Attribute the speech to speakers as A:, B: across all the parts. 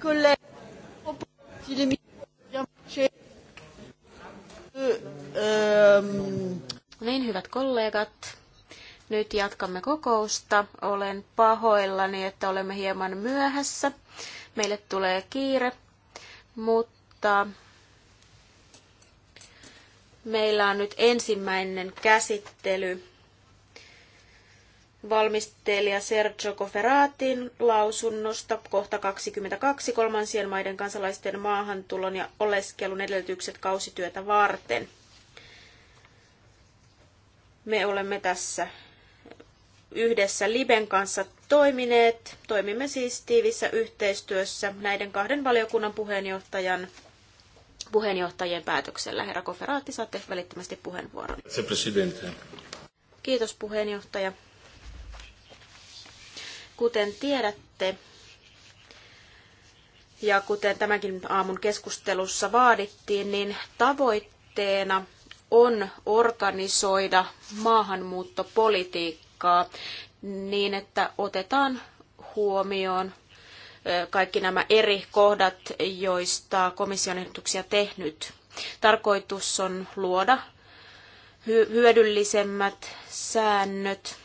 A: collègues, si les bien marché, euh, niin, hyvät kollegat, nyt jatkamme kokousta. Olen pahoillani, että olemme hieman myöhässä. Meille tulee kiire, mutta meillä on nyt ensimmäinen käsittely valmistelija Sergio Coferatin lausunnosta kohta 22 kolmansien maiden kansalaisten maahantulon ja oleskelun edellytykset kausityötä varten. Me olemme tässä yhdessä Liben kanssa toimineet. Toimimme siis tiivissä yhteistyössä näiden kahden valiokunnan puheenjohtajan puheenjohtajien päätöksellä. Herra Koferaatti, saatte välittömästi puheenvuoron. Kiitos puheenjohtaja. Kuten tiedätte, ja kuten tämänkin aamun keskustelussa vaadittiin, niin tavoitteena on organisoida maahanmuuttopolitiikkaa niin, että otetaan huomioon kaikki nämä eri kohdat, joista komission ehdotuksia tehnyt. Tarkoitus on luoda hyödyllisemmät säännöt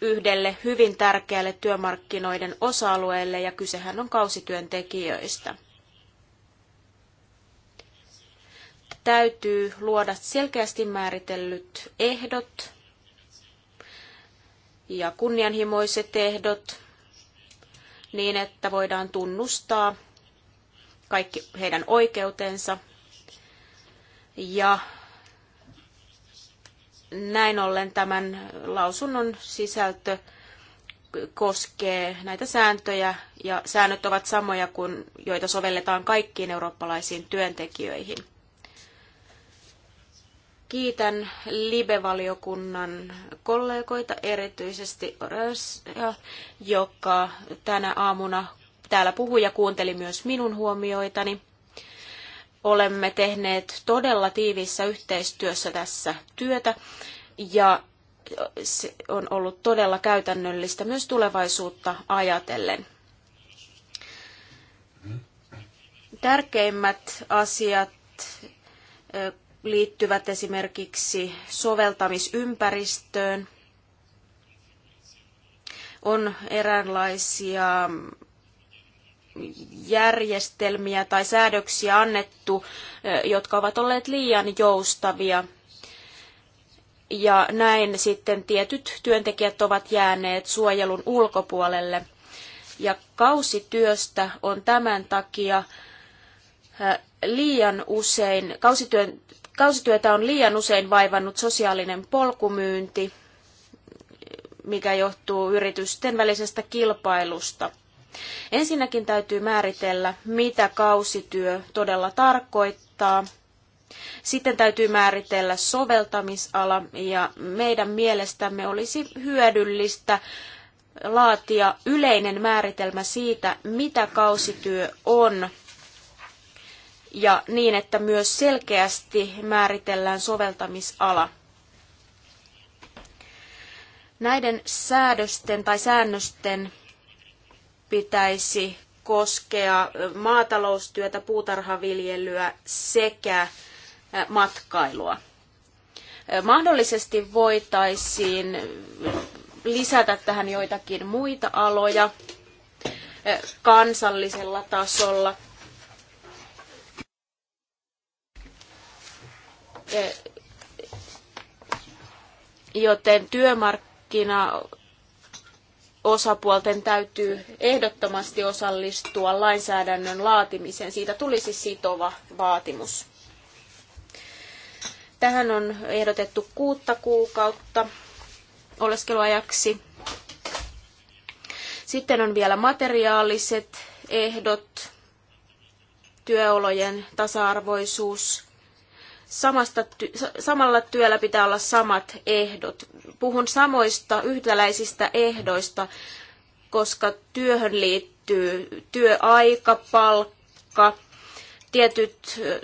A: yhdelle hyvin tärkeälle työmarkkinoiden osa-alueelle ja kysehän on kausityöntekijöistä. Täytyy luoda selkeästi määritellyt ehdot ja kunnianhimoiset ehdot niin, että voidaan tunnustaa kaikki heidän oikeutensa ja näin ollen tämän lausunnon sisältö koskee näitä sääntöjä ja säännöt ovat samoja kuin joita sovelletaan kaikkiin eurooppalaisiin työntekijöihin. Kiitän Libe-valiokunnan kollegoita, erityisesti Rösja, joka tänä aamuna täällä puhui ja kuunteli myös minun huomioitani olemme tehneet todella tiiviissä yhteistyössä tässä työtä ja se on ollut todella käytännöllistä myös tulevaisuutta ajatellen. Tärkeimmät asiat liittyvät esimerkiksi soveltamisympäristöön. On eräänlaisia järjestelmiä tai säädöksiä annettu, jotka ovat olleet liian joustavia. Ja näin sitten tietyt työntekijät ovat jääneet suojelun ulkopuolelle. Ja kausityöstä on tämän takia liian usein, kausityön, kausityötä on liian usein vaivannut sosiaalinen polkumyynti, mikä johtuu yritysten välisestä kilpailusta. Ensinnäkin täytyy määritellä, mitä kausityö todella tarkoittaa. Sitten täytyy määritellä soveltamisala ja meidän mielestämme olisi hyödyllistä laatia yleinen määritelmä siitä, mitä kausityö on ja niin, että myös selkeästi määritellään soveltamisala. Näiden säädösten tai säännösten pitäisi koskea maataloustyötä, puutarhaviljelyä sekä matkailua. Mahdollisesti voitaisiin lisätä tähän joitakin muita aloja kansallisella tasolla. Joten työmarkkina osapuolten täytyy ehdottomasti osallistua lainsäädännön laatimiseen. Siitä tulisi sitova vaatimus. Tähän on ehdotettu kuutta kuukautta oleskeluajaksi. Sitten on vielä materiaaliset ehdot, työolojen tasa-arvoisuus, samasta samalla työllä pitää olla samat ehdot. Puhun samoista yhtäläisistä ehdoista, koska työhön liittyy työaika, palkka, tietyt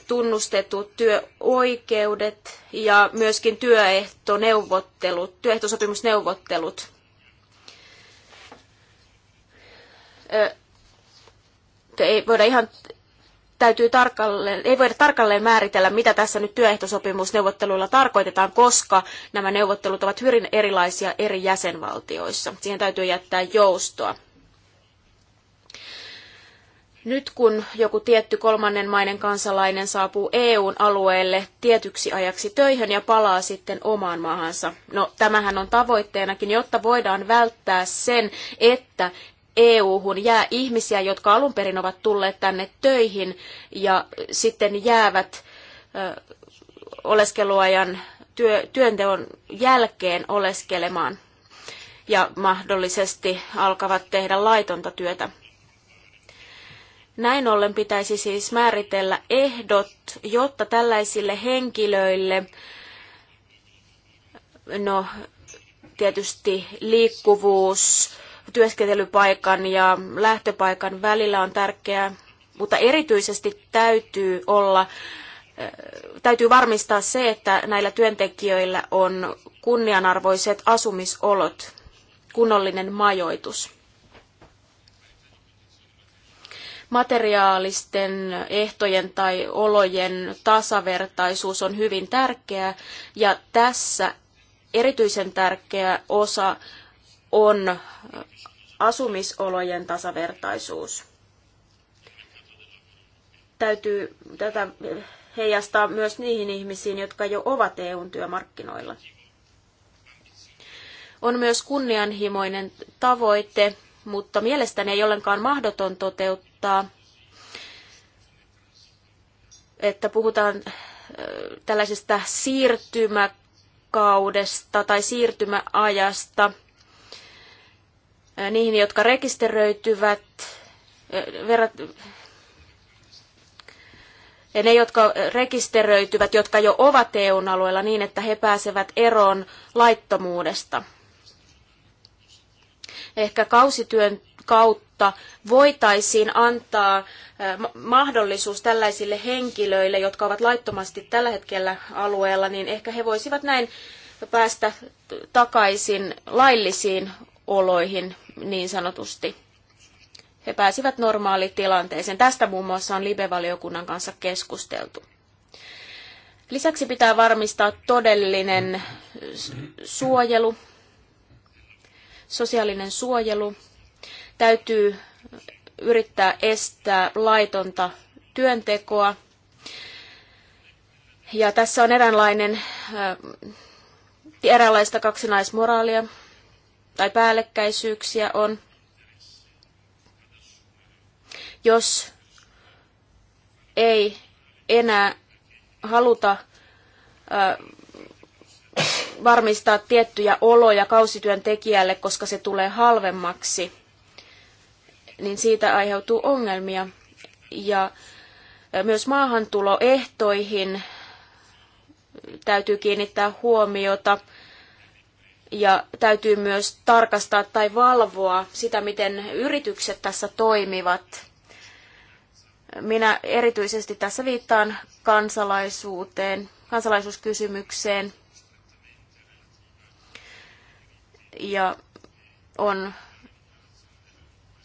A: tunnustetut työoikeudet ja myöskin työehtoneuvottelut, työehtosopimusneuvottelut. Ei voida ihan täytyy tarkalleen, ei voida tarkalleen määritellä, mitä tässä nyt työehtosopimusneuvotteluilla tarkoitetaan, koska nämä neuvottelut ovat hyvin erilaisia eri jäsenvaltioissa. Siihen täytyy jättää joustoa. Nyt kun joku tietty kolmannen maiden kansalainen saapuu EUn alueelle tietyksi ajaksi töihin ja palaa sitten omaan maahansa. No tämähän on tavoitteenakin, jotta voidaan välttää sen, että EU-hun jää ihmisiä, jotka alun perin ovat tulleet tänne töihin ja sitten jäävät oleskeluajan työ, työnteon jälkeen oleskelemaan ja mahdollisesti alkavat tehdä laitonta työtä. Näin ollen pitäisi siis määritellä ehdot, jotta tällaisille henkilöille, no tietysti liikkuvuus, työskentelypaikan ja lähtöpaikan välillä on tärkeää, mutta erityisesti täytyy olla eh, täytyy varmistaa se, että näillä työntekijöillä on kunnianarvoiset asumisolot, kunnollinen majoitus. Materiaalisten ehtojen tai olojen tasavertaisuus on hyvin tärkeää ja tässä erityisen tärkeä osa on asumisolojen tasavertaisuus. Täytyy tätä heijastaa myös niihin ihmisiin, jotka jo ovat EUn työmarkkinoilla. On myös kunnianhimoinen tavoite, mutta mielestäni ei ollenkaan mahdoton toteuttaa, että puhutaan tällaisesta siirtymäkaudesta tai siirtymäajasta – Äh, niihin, jotka rekisteröityvät, äh, verrat, ja ne, jotka rekisteröityvät, jotka jo ovat EUn alueella niin, että he pääsevät eroon laittomuudesta. Ehkä kausityön kautta voitaisiin antaa äh, mahdollisuus tällaisille henkilöille, jotka ovat laittomasti tällä hetkellä alueella, niin ehkä he voisivat näin päästä takaisin laillisiin oloihin niin sanotusti. He pääsivät tilanteeseen Tästä muun muassa on live-valiokunnan kanssa keskusteltu. Lisäksi pitää varmistaa todellinen suojelu, sosiaalinen suojelu. Täytyy yrittää estää laitonta työntekoa. Ja tässä on eräänlainen, eräänlaista kaksinaismoraalia tai päällekkäisyyksiä on. Jos ei enää haluta varmistaa tiettyjä oloja kausityöntekijälle, koska se tulee halvemmaksi, niin siitä aiheutuu ongelmia. Ja myös maahantuloehtoihin täytyy kiinnittää huomiota ja täytyy myös tarkastaa tai valvoa sitä, miten yritykset tässä toimivat. Minä erityisesti tässä viittaan kansalaisuuteen, kansalaisuuskysymykseen. Ja on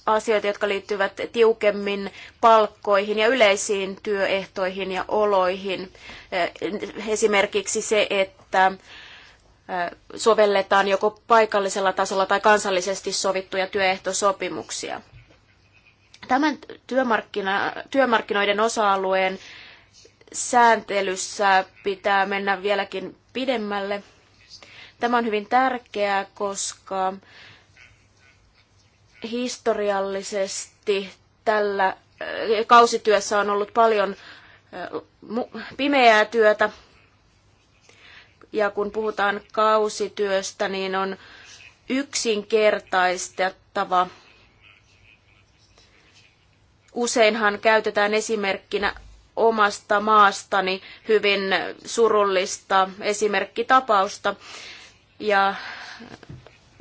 A: asioita, jotka liittyvät tiukemmin palkkoihin ja yleisiin työehtoihin ja oloihin. Esimerkiksi se, että sovelletaan joko paikallisella tasolla tai kansallisesti sovittuja työehtosopimuksia. Tämän työmarkkina, työmarkkinoiden osa-alueen sääntelyssä pitää mennä vieläkin pidemmälle. Tämä on hyvin tärkeää, koska historiallisesti tällä kausityössä on ollut paljon pimeää työtä, ja kun puhutaan kausityöstä, niin on yksinkertaistettava. Useinhan käytetään esimerkkinä omasta maastani hyvin surullista esimerkkitapausta. Ja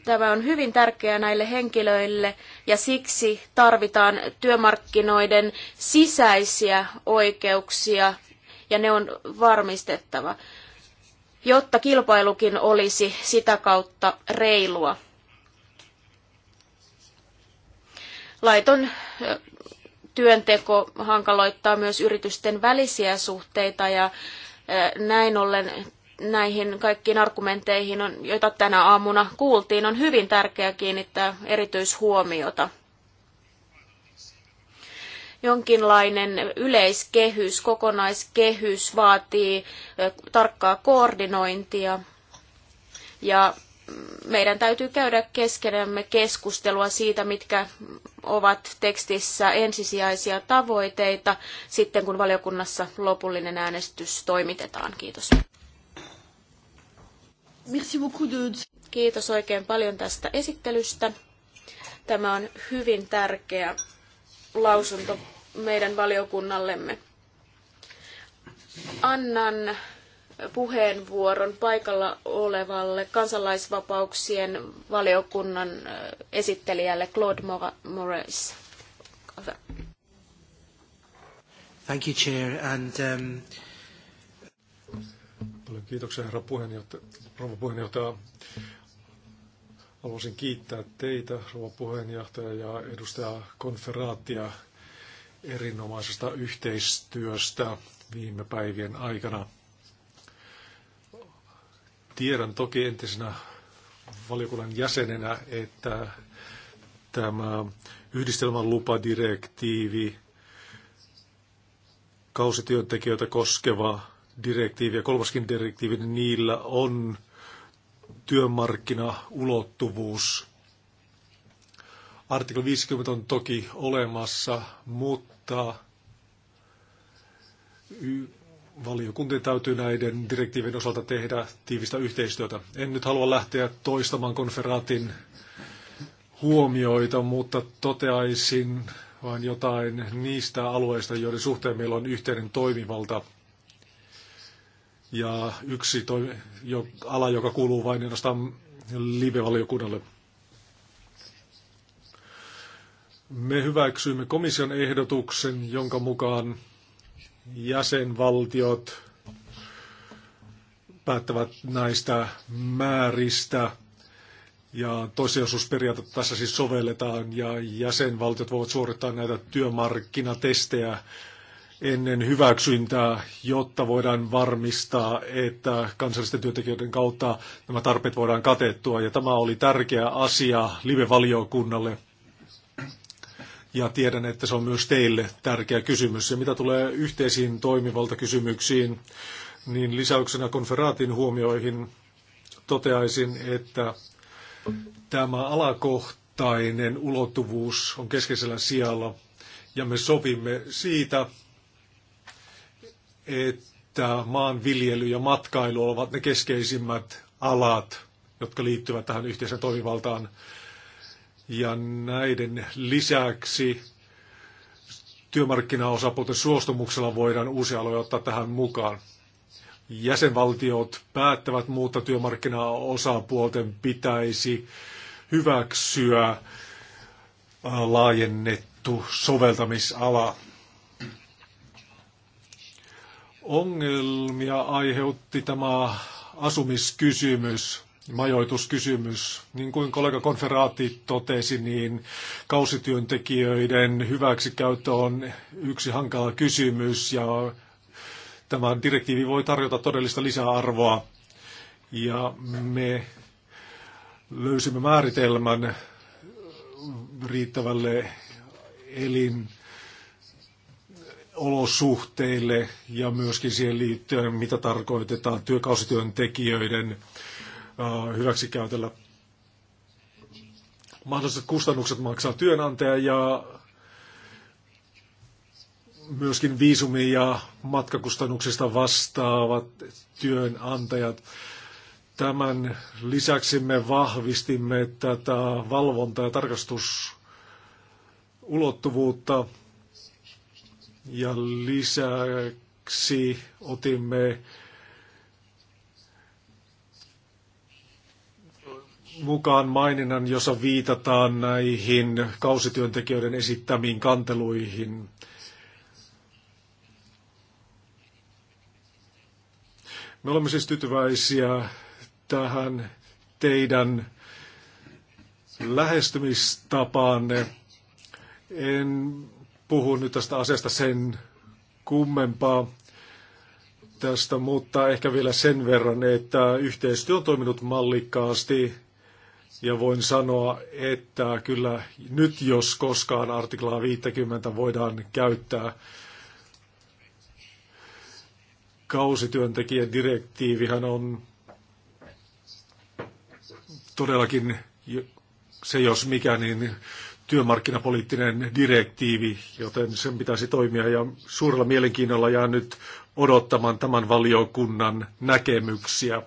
A: tämä on hyvin tärkeää näille henkilöille ja siksi tarvitaan työmarkkinoiden sisäisiä oikeuksia ja ne on varmistettava jotta kilpailukin olisi sitä kautta reilua. Laiton työnteko hankaloittaa myös yritysten välisiä suhteita ja näin ollen näihin kaikkiin argumentteihin, joita tänä aamuna kuultiin, on hyvin tärkeää kiinnittää erityishuomiota jonkinlainen yleiskehys, kokonaiskehys vaatii tarkkaa koordinointia ja meidän täytyy käydä keskenämme keskustelua siitä, mitkä ovat tekstissä ensisijaisia tavoitteita sitten, kun valiokunnassa lopullinen äänestys toimitetaan. Kiitos. Kiitos oikein paljon tästä esittelystä. Tämä on hyvin tärkeä lausunto meidän valiokunnallemme. Annan puheenvuoron paikalla olevalle kansalaisvapauksien valiokunnan esittelijälle Claude Moraes.
B: Thank you, Chair. And, um... Paljon kiitoksia, herra puheenjohtaja, rouva puheenjohtaja. Haluaisin kiittää teitä, rouva puheenjohtaja ja edustaja Konferaattia erinomaisesta yhteistyöstä viime päivien aikana. Tiedän toki entisenä valiokunnan jäsenenä, että tämä yhdistelmän lupadirektiivi, kausityöntekijöitä koskeva direktiivi ja kolmaskin direktiivi, niin niillä on työmarkkinaulottuvuus. Artikla 50 on toki olemassa, mutta valiokuntien täytyy näiden direktiivien osalta tehdä tiivistä yhteistyötä. En nyt halua lähteä toistamaan konferaatin huomioita, mutta toteaisin vain jotain niistä alueista, joiden suhteen meillä on yhteinen toimivalta – ja yksi toi, jo, ala, joka kuuluu vain ainoastaan live-valiokunnalle. Me hyväksyimme komission ehdotuksen, jonka mukaan jäsenvaltiot päättävät näistä määristä ja toissijaisuusperiaatetta tässä siis sovelletaan ja jäsenvaltiot voivat suorittaa näitä työmarkkinatestejä ennen hyväksyntää, jotta voidaan varmistaa, että kansallisten työntekijöiden kautta nämä tarpeet voidaan katettua. Ja tämä oli tärkeä asia live-valiokunnalle. Ja tiedän, että se on myös teille tärkeä kysymys. Ja mitä tulee yhteisiin toimivaltakysymyksiin, niin lisäyksenä konferaatin huomioihin toteaisin, että tämä alakohtainen ulottuvuus on keskeisellä sijalla ja me sovimme siitä, että maanviljely ja matkailu ovat ne keskeisimmät alat, jotka liittyvät tähän yhteiseen toimivaltaan. Ja näiden lisäksi työmarkkinaosapuolten suostumuksella voidaan uusia aloja ottaa tähän mukaan. Jäsenvaltiot päättävät, muuta työmarkkinaosapuolten pitäisi hyväksyä laajennettu soveltamisala. Ongelmia aiheutti tämä asumiskysymys, majoituskysymys. Niin kuin kollega Konferaati totesi, niin kausityöntekijöiden hyväksikäyttö on yksi hankala kysymys ja tämä direktiivi voi tarjota todellista lisäarvoa. Ja me löysimme määritelmän riittävälle elin olosuhteille ja myöskin siihen liittyen, mitä tarkoitetaan työkausityöntekijöiden hyväksikäytöllä. Mahdolliset kustannukset maksaa työnantaja ja myöskin viisumi- ja matkakustannuksista vastaavat työnantajat. Tämän lisäksi me vahvistimme tätä valvonta- ja tarkastusulottuvuutta ja lisäksi otimme mukaan maininnan, jossa viitataan näihin kausityöntekijöiden esittämiin kanteluihin. Me olemme siis tyytyväisiä tähän teidän lähestymistapaanne. En puhu nyt tästä asiasta sen kummempaa tästä, mutta ehkä vielä sen verran, että yhteistyö on toiminut mallikkaasti ja voin sanoa, että kyllä nyt jos koskaan artiklaa 50 voidaan käyttää kausityöntekijän direktiivihän on todellakin se jos mikä, niin työmarkkinapoliittinen direktiivi, joten sen pitäisi toimia ja suurella mielenkiinnolla jää nyt odottamaan tämän valiokunnan näkemyksiä.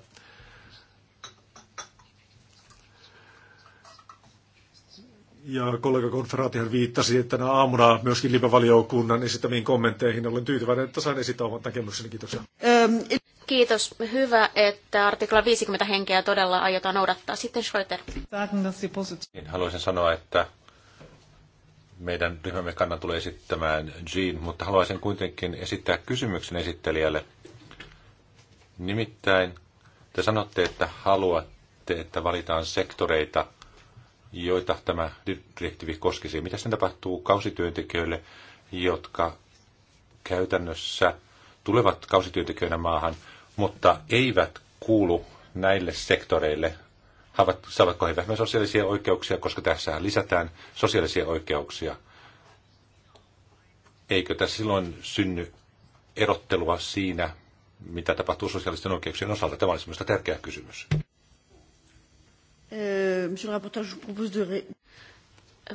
B: Ja kollega Konferaatihan viittasi että tänä aamuna myöskin Libe-valiokunnan esittämiin kommentteihin. Olen tyytyväinen, että sain esittää oman näkemykseni. Kiitos.
A: Ähm, Kiitos. Hyvä, että artikla 50 henkeä todella aiotaan noudattaa. Sitten Schroeder.
B: Niin,
C: haluaisin sanoa, että meidän ryhmämme kannan tulee esittämään Jean, mutta haluaisin kuitenkin esittää kysymyksen esittelijälle. Nimittäin te sanotte, että haluatte, että valitaan sektoreita, joita tämä direktiivi koskisi. Mitä sen tapahtuu kausityöntekijöille, jotka käytännössä tulevat kausityöntekijöinä maahan, mutta eivät kuulu näille sektoreille, saavatko he vähemmän sosiaalisia oikeuksia, koska tässä lisätään sosiaalisia oikeuksia. Eikö tässä silloin synny erottelua siinä, mitä tapahtuu sosiaalisten oikeuksien osalta? Tämä olisi minusta tärkeä kysymys.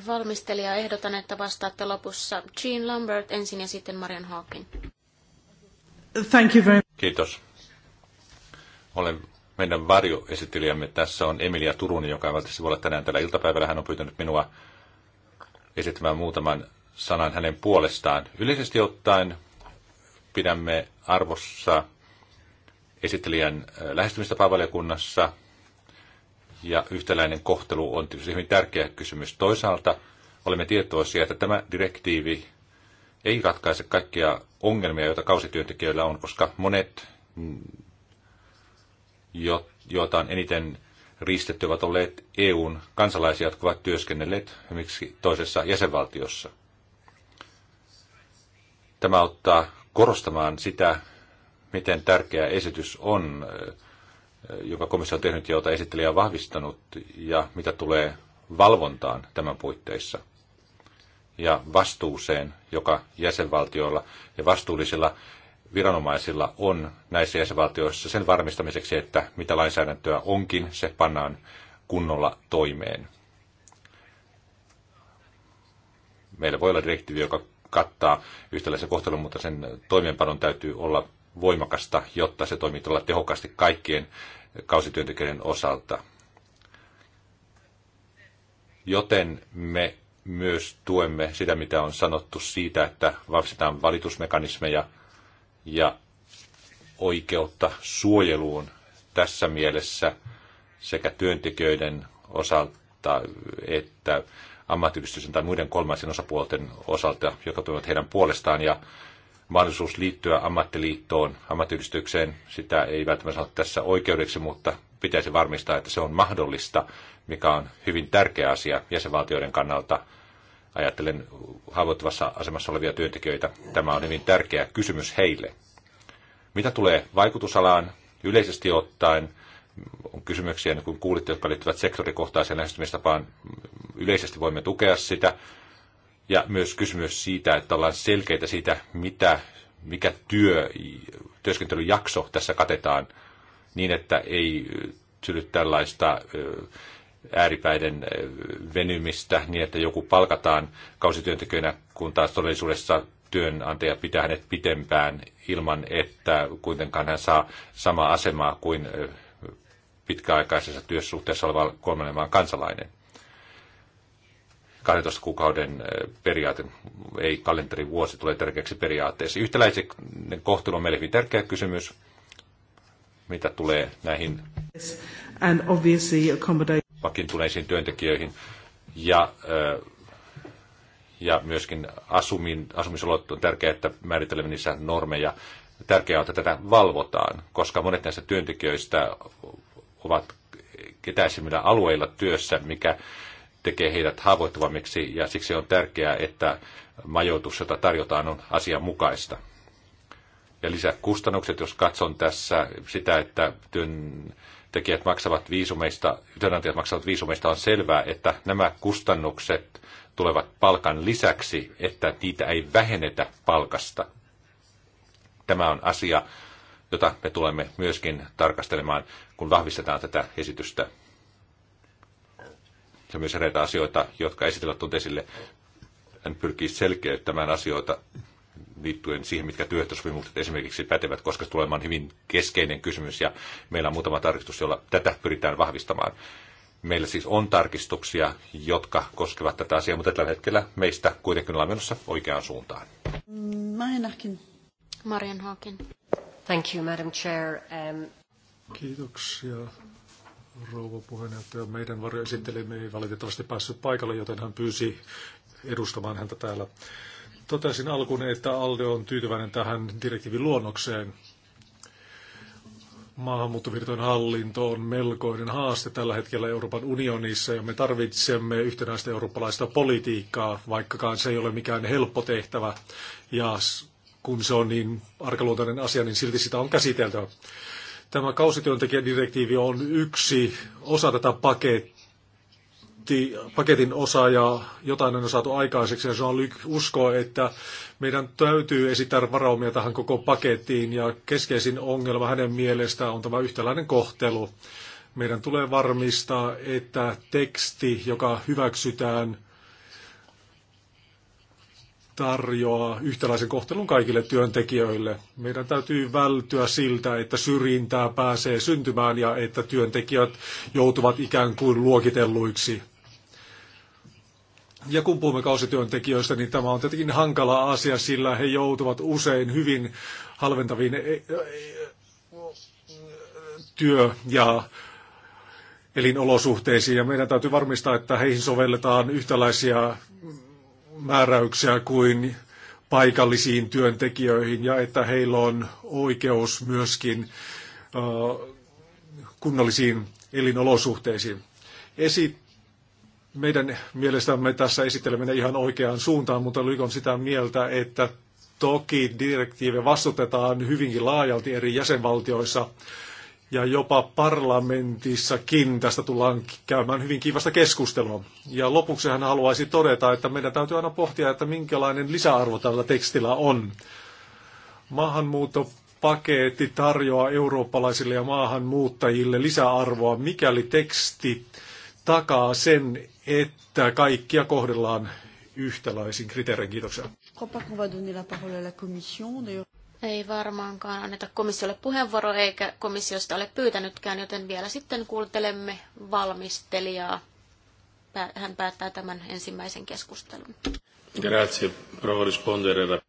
A: Valmistelija, ehdotan, että vastaatte lopussa Jean Lambert ensin ja sitten Marian Hawking.
C: Thank you very much. Kiitos. Olen meidän varjoesittelijämme tässä on Emilia Turun, joka välttämättä voi olla tänään tällä iltapäivällä. Hän on pyytänyt minua esittämään muutaman sanan hänen puolestaan. Yleisesti ottaen pidämme arvossa esittelijän äh, lähestymistapavaliokunnassa valiokunnassa ja yhtäläinen kohtelu on tietysti hyvin tärkeä kysymys. Toisaalta olemme tietoisia, että tämä direktiivi ei ratkaise kaikkia ongelmia, joita kausityöntekijöillä on, koska monet mm, joita on eniten riistetty, ovat olleet EUn kansalaisia, jotka ovat työskennelleet miksi toisessa jäsenvaltiossa. Tämä auttaa korostamaan sitä, miten tärkeä esitys on, eh, joka komissio on tehnyt ja jota esittelijä on vahvistanut, ja mitä tulee valvontaan tämän puitteissa ja vastuuseen, joka jäsenvaltioilla ja vastuullisilla viranomaisilla on näissä jäsenvaltioissa sen varmistamiseksi, että mitä lainsäädäntöä onkin, se pannaan kunnolla toimeen. Meillä voi olla direktiivi, joka kattaa yhtäläisen kohtelun, mutta sen toimeenpanon täytyy olla voimakasta, jotta se toimii todella tehokkaasti kaikkien kausityöntekijöiden osalta. Joten me myös tuemme sitä, mitä on sanottu siitä, että vahvistetaan valitusmekanismeja – ja oikeutta suojeluun tässä mielessä sekä työntekijöiden osalta että ammattiyhdistyksen tai muiden kolmansien osapuolten osalta, jotka toimivat heidän puolestaan. Ja mahdollisuus liittyä ammattiliittoon, ammattiyhdistykseen, sitä ei välttämättä sano tässä oikeudeksi, mutta pitäisi varmistaa, että se on mahdollista, mikä on hyvin tärkeä asia jäsenvaltioiden kannalta – Ajattelen haavoittuvassa asemassa olevia työntekijöitä. Tämä on hyvin tärkeä kysymys heille. Mitä tulee vaikutusalaan yleisesti ottaen? On kysymyksiä, niin kuin kuulitte, jotka liittyvät sektorikohtaiseen lähestymistapaan. Yleisesti voimme tukea sitä. Ja myös kysymys siitä, että ollaan selkeitä siitä, mitä, mikä työ, työskentelyjakso tässä katetaan, niin että ei synny tällaista ääripäiden äh, venymistä niin, että joku palkataan kausityöntekijänä, kun taas todellisuudessa työnantaja pitää hänet pitempään ilman, että kuitenkaan hän saa samaa asemaa kuin äh, pitkäaikaisessa työsuhteessa oleva kolmannen maan kansalainen. 12 kuukauden äh, periaate, ei kalenterivuosi, tulee tärkeäksi periaatteessa. Yhtäläisen kohtelu on meille hyvin tärkeä kysymys, mitä tulee näihin. And vakiintuneisiin työntekijöihin ja, ja myöskin asumin, asumisolot on tärkeää, että määrittelemme niissä normeja. Tärkeää on, että tätä valvotaan, koska monet näistä työntekijöistä ovat etäisimmillä alueilla työssä, mikä tekee heidät haavoittuvammiksi ja siksi on tärkeää, että majoitus, jota tarjotaan, on asianmukaista. Ja lisäkustannukset, jos katson tässä sitä, että työn työntekijät maksavat viisumeista, työnantajat maksavat viisumeista, on selvää, että nämä kustannukset tulevat palkan lisäksi, että niitä ei vähennetä palkasta. Tämä on asia, jota me tulemme myöskin tarkastelemaan, kun vahvistetaan tätä esitystä. Ja myös eräitä asioita, jotka esitellä on en pyrkii selkeyttämään asioita liittyen siihen, mitkä työehtosopimukset esimerkiksi pätevät, koska se tulee hyvin keskeinen kysymys ja meillä on muutama tarkistus, jolla tätä pyritään vahvistamaan. Meillä siis on tarkistuksia, jotka koskevat tätä asiaa, mutta tällä hetkellä meistä kuitenkin ollaan menossa oikeaan suuntaan.
A: Marian Marjanhakin.
B: Thank you, Madam Chair. Um... Kiitoksia, rouva puheenjohtaja. Meidän varjoesittelijämme ei valitettavasti päässyt paikalle, joten hän pyysi edustamaan häntä täällä. Totesin alkuun, että ALDE on tyytyväinen tähän direktiivin luonnokseen. Maahanmuuttovirtojen hallinto on melkoinen haaste tällä hetkellä Euroopan unionissa ja me tarvitsemme yhtenäistä eurooppalaista politiikkaa, vaikkakaan se ei ole mikään helppo tehtävä. Ja kun se on niin arkaluontainen asia, niin silti sitä on käsiteltävä. Tämä kausityöntekijädirektiivi on yksi osa tätä pakettia paketti, paketin osa ja jotain on saatu aikaiseksi. Ja on luc uskoo, että meidän täytyy esittää varaumia tähän koko pakettiin ja keskeisin ongelma hänen mielestään on tämä yhtäläinen kohtelu. Meidän tulee varmistaa, että teksti, joka hyväksytään, tarjoaa yhtäläisen kohtelun kaikille työntekijöille. Meidän täytyy välttyä siltä, että syrjintää pääsee syntymään ja että työntekijät joutuvat ikään kuin luokitelluiksi. Ja kun puhumme kausityöntekijöistä, niin tämä on tietenkin hankala asia, sillä he joutuvat usein hyvin halventaviin e, e, työ- ja elinolosuhteisiin. Ja meidän täytyy varmistaa, että heihin sovelletaan yhtäläisiä määräyksiä kuin paikallisiin työntekijöihin ja että heillä on oikeus myöskin kunnallisiin elinolosuhteisiin. Esittää meidän mielestämme tässä esittelemme ihan oikeaan suuntaan, mutta Lykon sitä mieltä, että toki direktiive vastutetaan hyvinkin laajalti eri jäsenvaltioissa ja jopa parlamentissakin tästä tullaan käymään hyvin kiivasta keskustelua. Ja lopuksi hän haluaisi todeta, että meidän täytyy aina pohtia, että minkälainen lisäarvo tällä tekstillä on. Maahanmuutto paketti tarjoaa eurooppalaisille ja maahanmuuttajille lisäarvoa, mikäli teksti takaa sen, että kaikkia kohdellaan yhtäläisin kriteerein. Kiitoksia.
A: Ei varmaankaan anneta komissiolle puheenvuoro, eikä komissiosta ole pyytänytkään, joten vielä sitten kuuntelemme valmistelijaa. Hän päättää tämän ensimmäisen keskustelun.
B: Grazie, rispondere.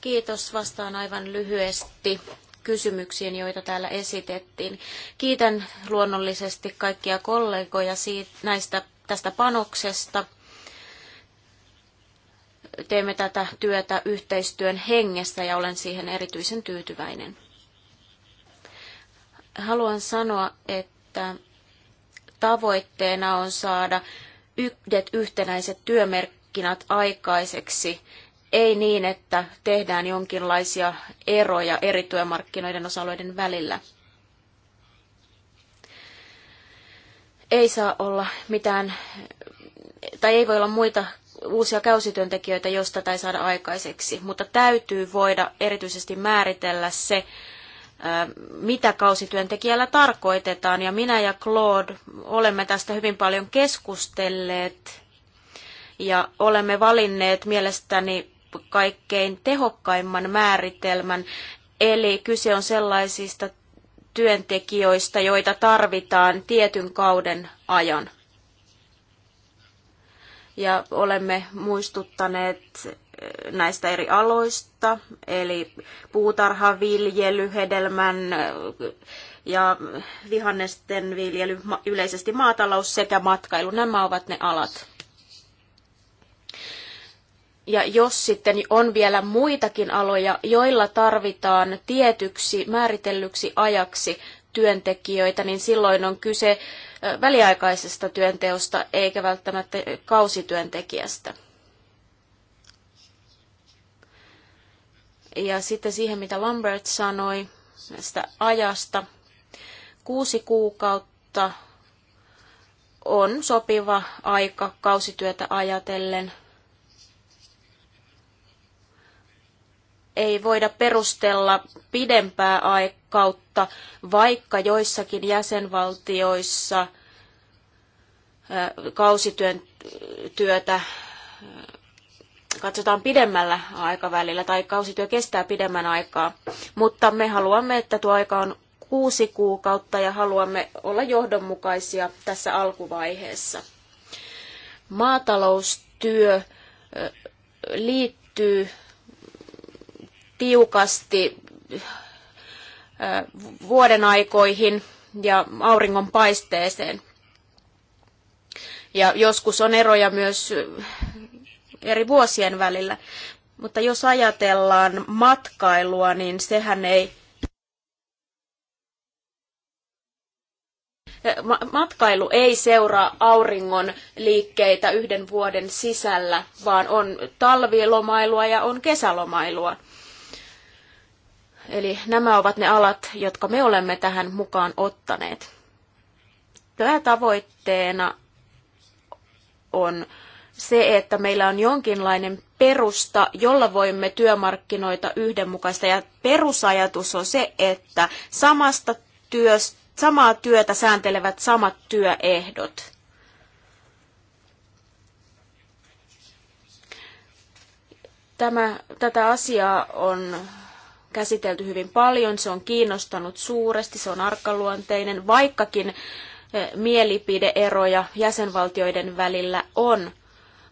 A: Kiitos, vastaan aivan lyhyesti kysymyksiin, joita täällä esitettiin. Kiitän luonnollisesti kaikkia kollegoja siitä, näistä tästä panoksesta. Teemme tätä työtä yhteistyön hengessä ja olen siihen erityisen tyytyväinen. Haluan sanoa, että tavoitteena on saada yhdet yhtenäiset työmerkkinät aikaiseksi, ei niin, että tehdään jonkinlaisia eroja eri työmarkkinoiden osa-alueiden välillä. ei saa olla mitään, tai ei voi olla muita uusia kausityöntekijöitä, jos tätä ei saada aikaiseksi, mutta täytyy voida erityisesti määritellä se, mitä kausityöntekijällä tarkoitetaan. Ja minä ja Claude olemme tästä hyvin paljon keskustelleet ja olemme valinneet mielestäni kaikkein tehokkaimman määritelmän. Eli kyse on sellaisista työntekijöistä, joita tarvitaan tietyn kauden ajan. Ja olemme muistuttaneet eh, näistä eri aloista, eli puutarha, viljely, hedelmän eh, ja vihannesten viljely, yleisesti maatalous sekä matkailu. Nämä ovat ne alat. Ja jos sitten on vielä muitakin aloja, joilla tarvitaan tietyksi määritellyksi ajaksi työntekijöitä, niin silloin on kyse väliaikaisesta työnteosta eikä välttämättä kausityöntekijästä. Ja sitten siihen, mitä Lambert sanoi tästä ajasta. Kuusi kuukautta on sopiva aika kausityötä ajatellen – ei voida perustella pidempää aikautta, vaikka joissakin jäsenvaltioissa kausityön työtä katsotaan pidemmällä aikavälillä tai kausityö kestää pidemmän aikaa. Mutta me haluamme, että tuo aika on kuusi kuukautta ja haluamme olla johdonmukaisia tässä alkuvaiheessa. Maataloustyö liittyy tiukasti vuoden aikoihin ja auringon paisteeseen. Ja joskus on eroja myös eri vuosien välillä. Mutta jos ajatellaan matkailua, niin sehän ei. Matkailu ei seuraa auringon liikkeitä yhden vuoden sisällä, vaan on talvilomailua ja on kesälomailua. Eli nämä ovat ne alat, jotka me olemme tähän mukaan ottaneet. tavoitteena on se, että meillä on jonkinlainen perusta, jolla voimme työmarkkinoita yhdenmukaista. Ja perusajatus on se, että samasta työstä, samaa työtä sääntelevät samat työehdot. Tämä, tätä asiaa on käsitelty hyvin paljon, se on kiinnostanut suuresti, se on arkaluonteinen, vaikkakin eh, mielipideeroja jäsenvaltioiden välillä on.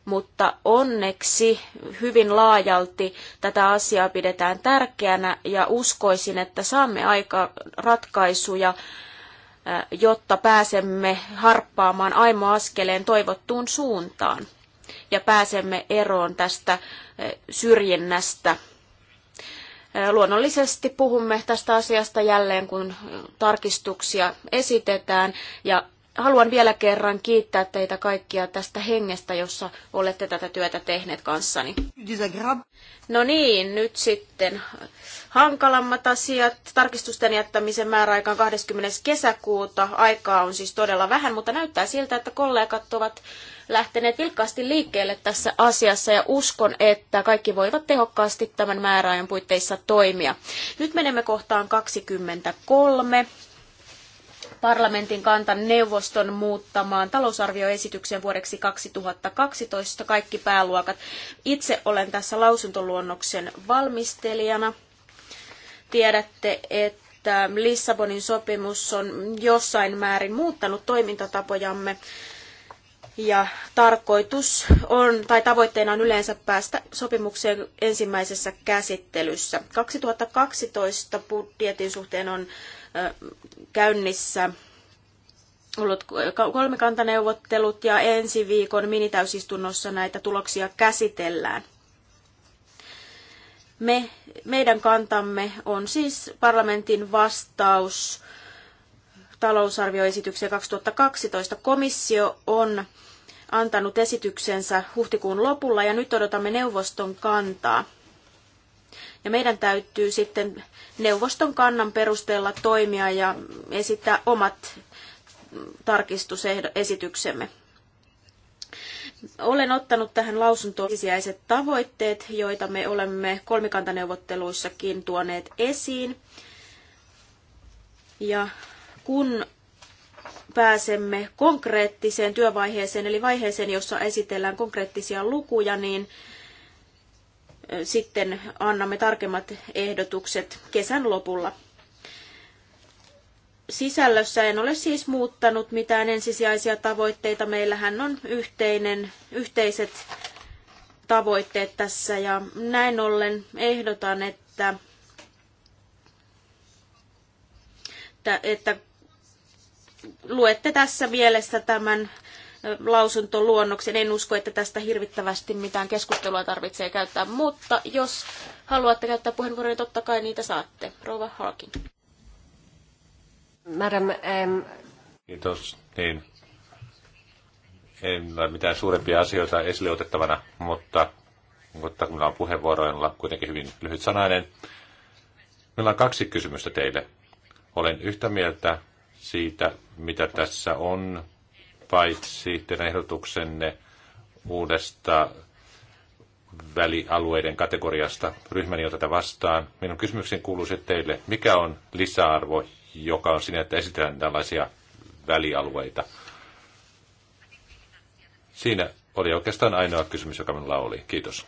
A: Mutta onneksi hyvin laajalti tätä asiaa pidetään tärkeänä ja uskoisin, että saamme aika ratkaisuja, eh, jotta pääsemme harppaamaan aimo askeleen toivottuun suuntaan ja pääsemme eroon tästä eh, syrjinnästä Luonnollisesti puhumme tästä asiasta jälleen, kun tarkistuksia esitetään ja haluan vielä kerran kiittää teitä kaikkia tästä hengestä, jossa olette tätä työtä tehneet kanssani. No niin, nyt sitten hankalammat asiat. Tarkistusten jättämisen määräaika 20. kesäkuuta. Aikaa on siis todella vähän, mutta näyttää siltä, että kollegat ovat lähteneet vilkkaasti liikkeelle tässä asiassa ja uskon, että kaikki voivat tehokkaasti tämän määräajan puitteissa toimia. Nyt menemme kohtaan 23 parlamentin kanta neuvoston muuttamaan talousarvioesitykseen vuodeksi 2012 kaikki pääluokat. Itse olen tässä lausuntoluonnoksen valmistelijana. Tiedätte, että Lissabonin sopimus on jossain määrin muuttanut toimintatapojamme ja tarkoitus on, tai tavoitteena on yleensä päästä sopimukseen ensimmäisessä käsittelyssä. 2012 budjetin suhteen on käynnissä ollut kolmikantaneuvottelut ja ensi viikon minitäysistunnossa näitä tuloksia käsitellään. Me, meidän kantamme on siis parlamentin vastaus talousarvioesitykseen 2012. Komissio on antanut esityksensä huhtikuun lopulla ja nyt odotamme neuvoston kantaa. Ja meidän täytyy sitten neuvoston kannan perusteella toimia ja esittää omat tarkistusesityksemme. Olen ottanut tähän lausuntoon sisäiset tavoitteet, joita me olemme kolmikantaneuvotteluissakin tuoneet esiin. Ja kun pääsemme konkreettiseen työvaiheeseen, eli vaiheeseen, jossa esitellään konkreettisia lukuja, niin sitten annamme tarkemmat ehdotukset kesän lopulla. Sisällössä en ole siis muuttanut mitään ensisijaisia tavoitteita. Meillähän on yhteinen, yhteiset tavoitteet tässä ja näin ollen ehdotan, että, että, että luette tässä mielessä tämän lausuntoluonnoksen. En usko, että tästä hirvittävästi mitään keskustelua tarvitsee käyttää, mutta jos haluatte käyttää puheenvuoroja, niin totta kai niitä saatte. Rova Harkin.
B: Madam, ähm...
C: Kiitos. Niin. En ole mitään suurempia asioita esille otettavana, mutta, mutta minulla on puheenvuoro, kuitenkin hyvin lyhyt sanainen. Meillä on kaksi kysymystä teille. Olen yhtä mieltä siitä, mitä tässä on paitsi teidän ehdotuksenne uudesta välialueiden kategoriasta ryhmäni on tätä vastaan. Minun kysymykseni kuuluu sitten teille, mikä on lisäarvo, joka on siinä, että esitellään tällaisia välialueita? Siinä oli oikeastaan ainoa kysymys, joka minulla oli. Kiitos.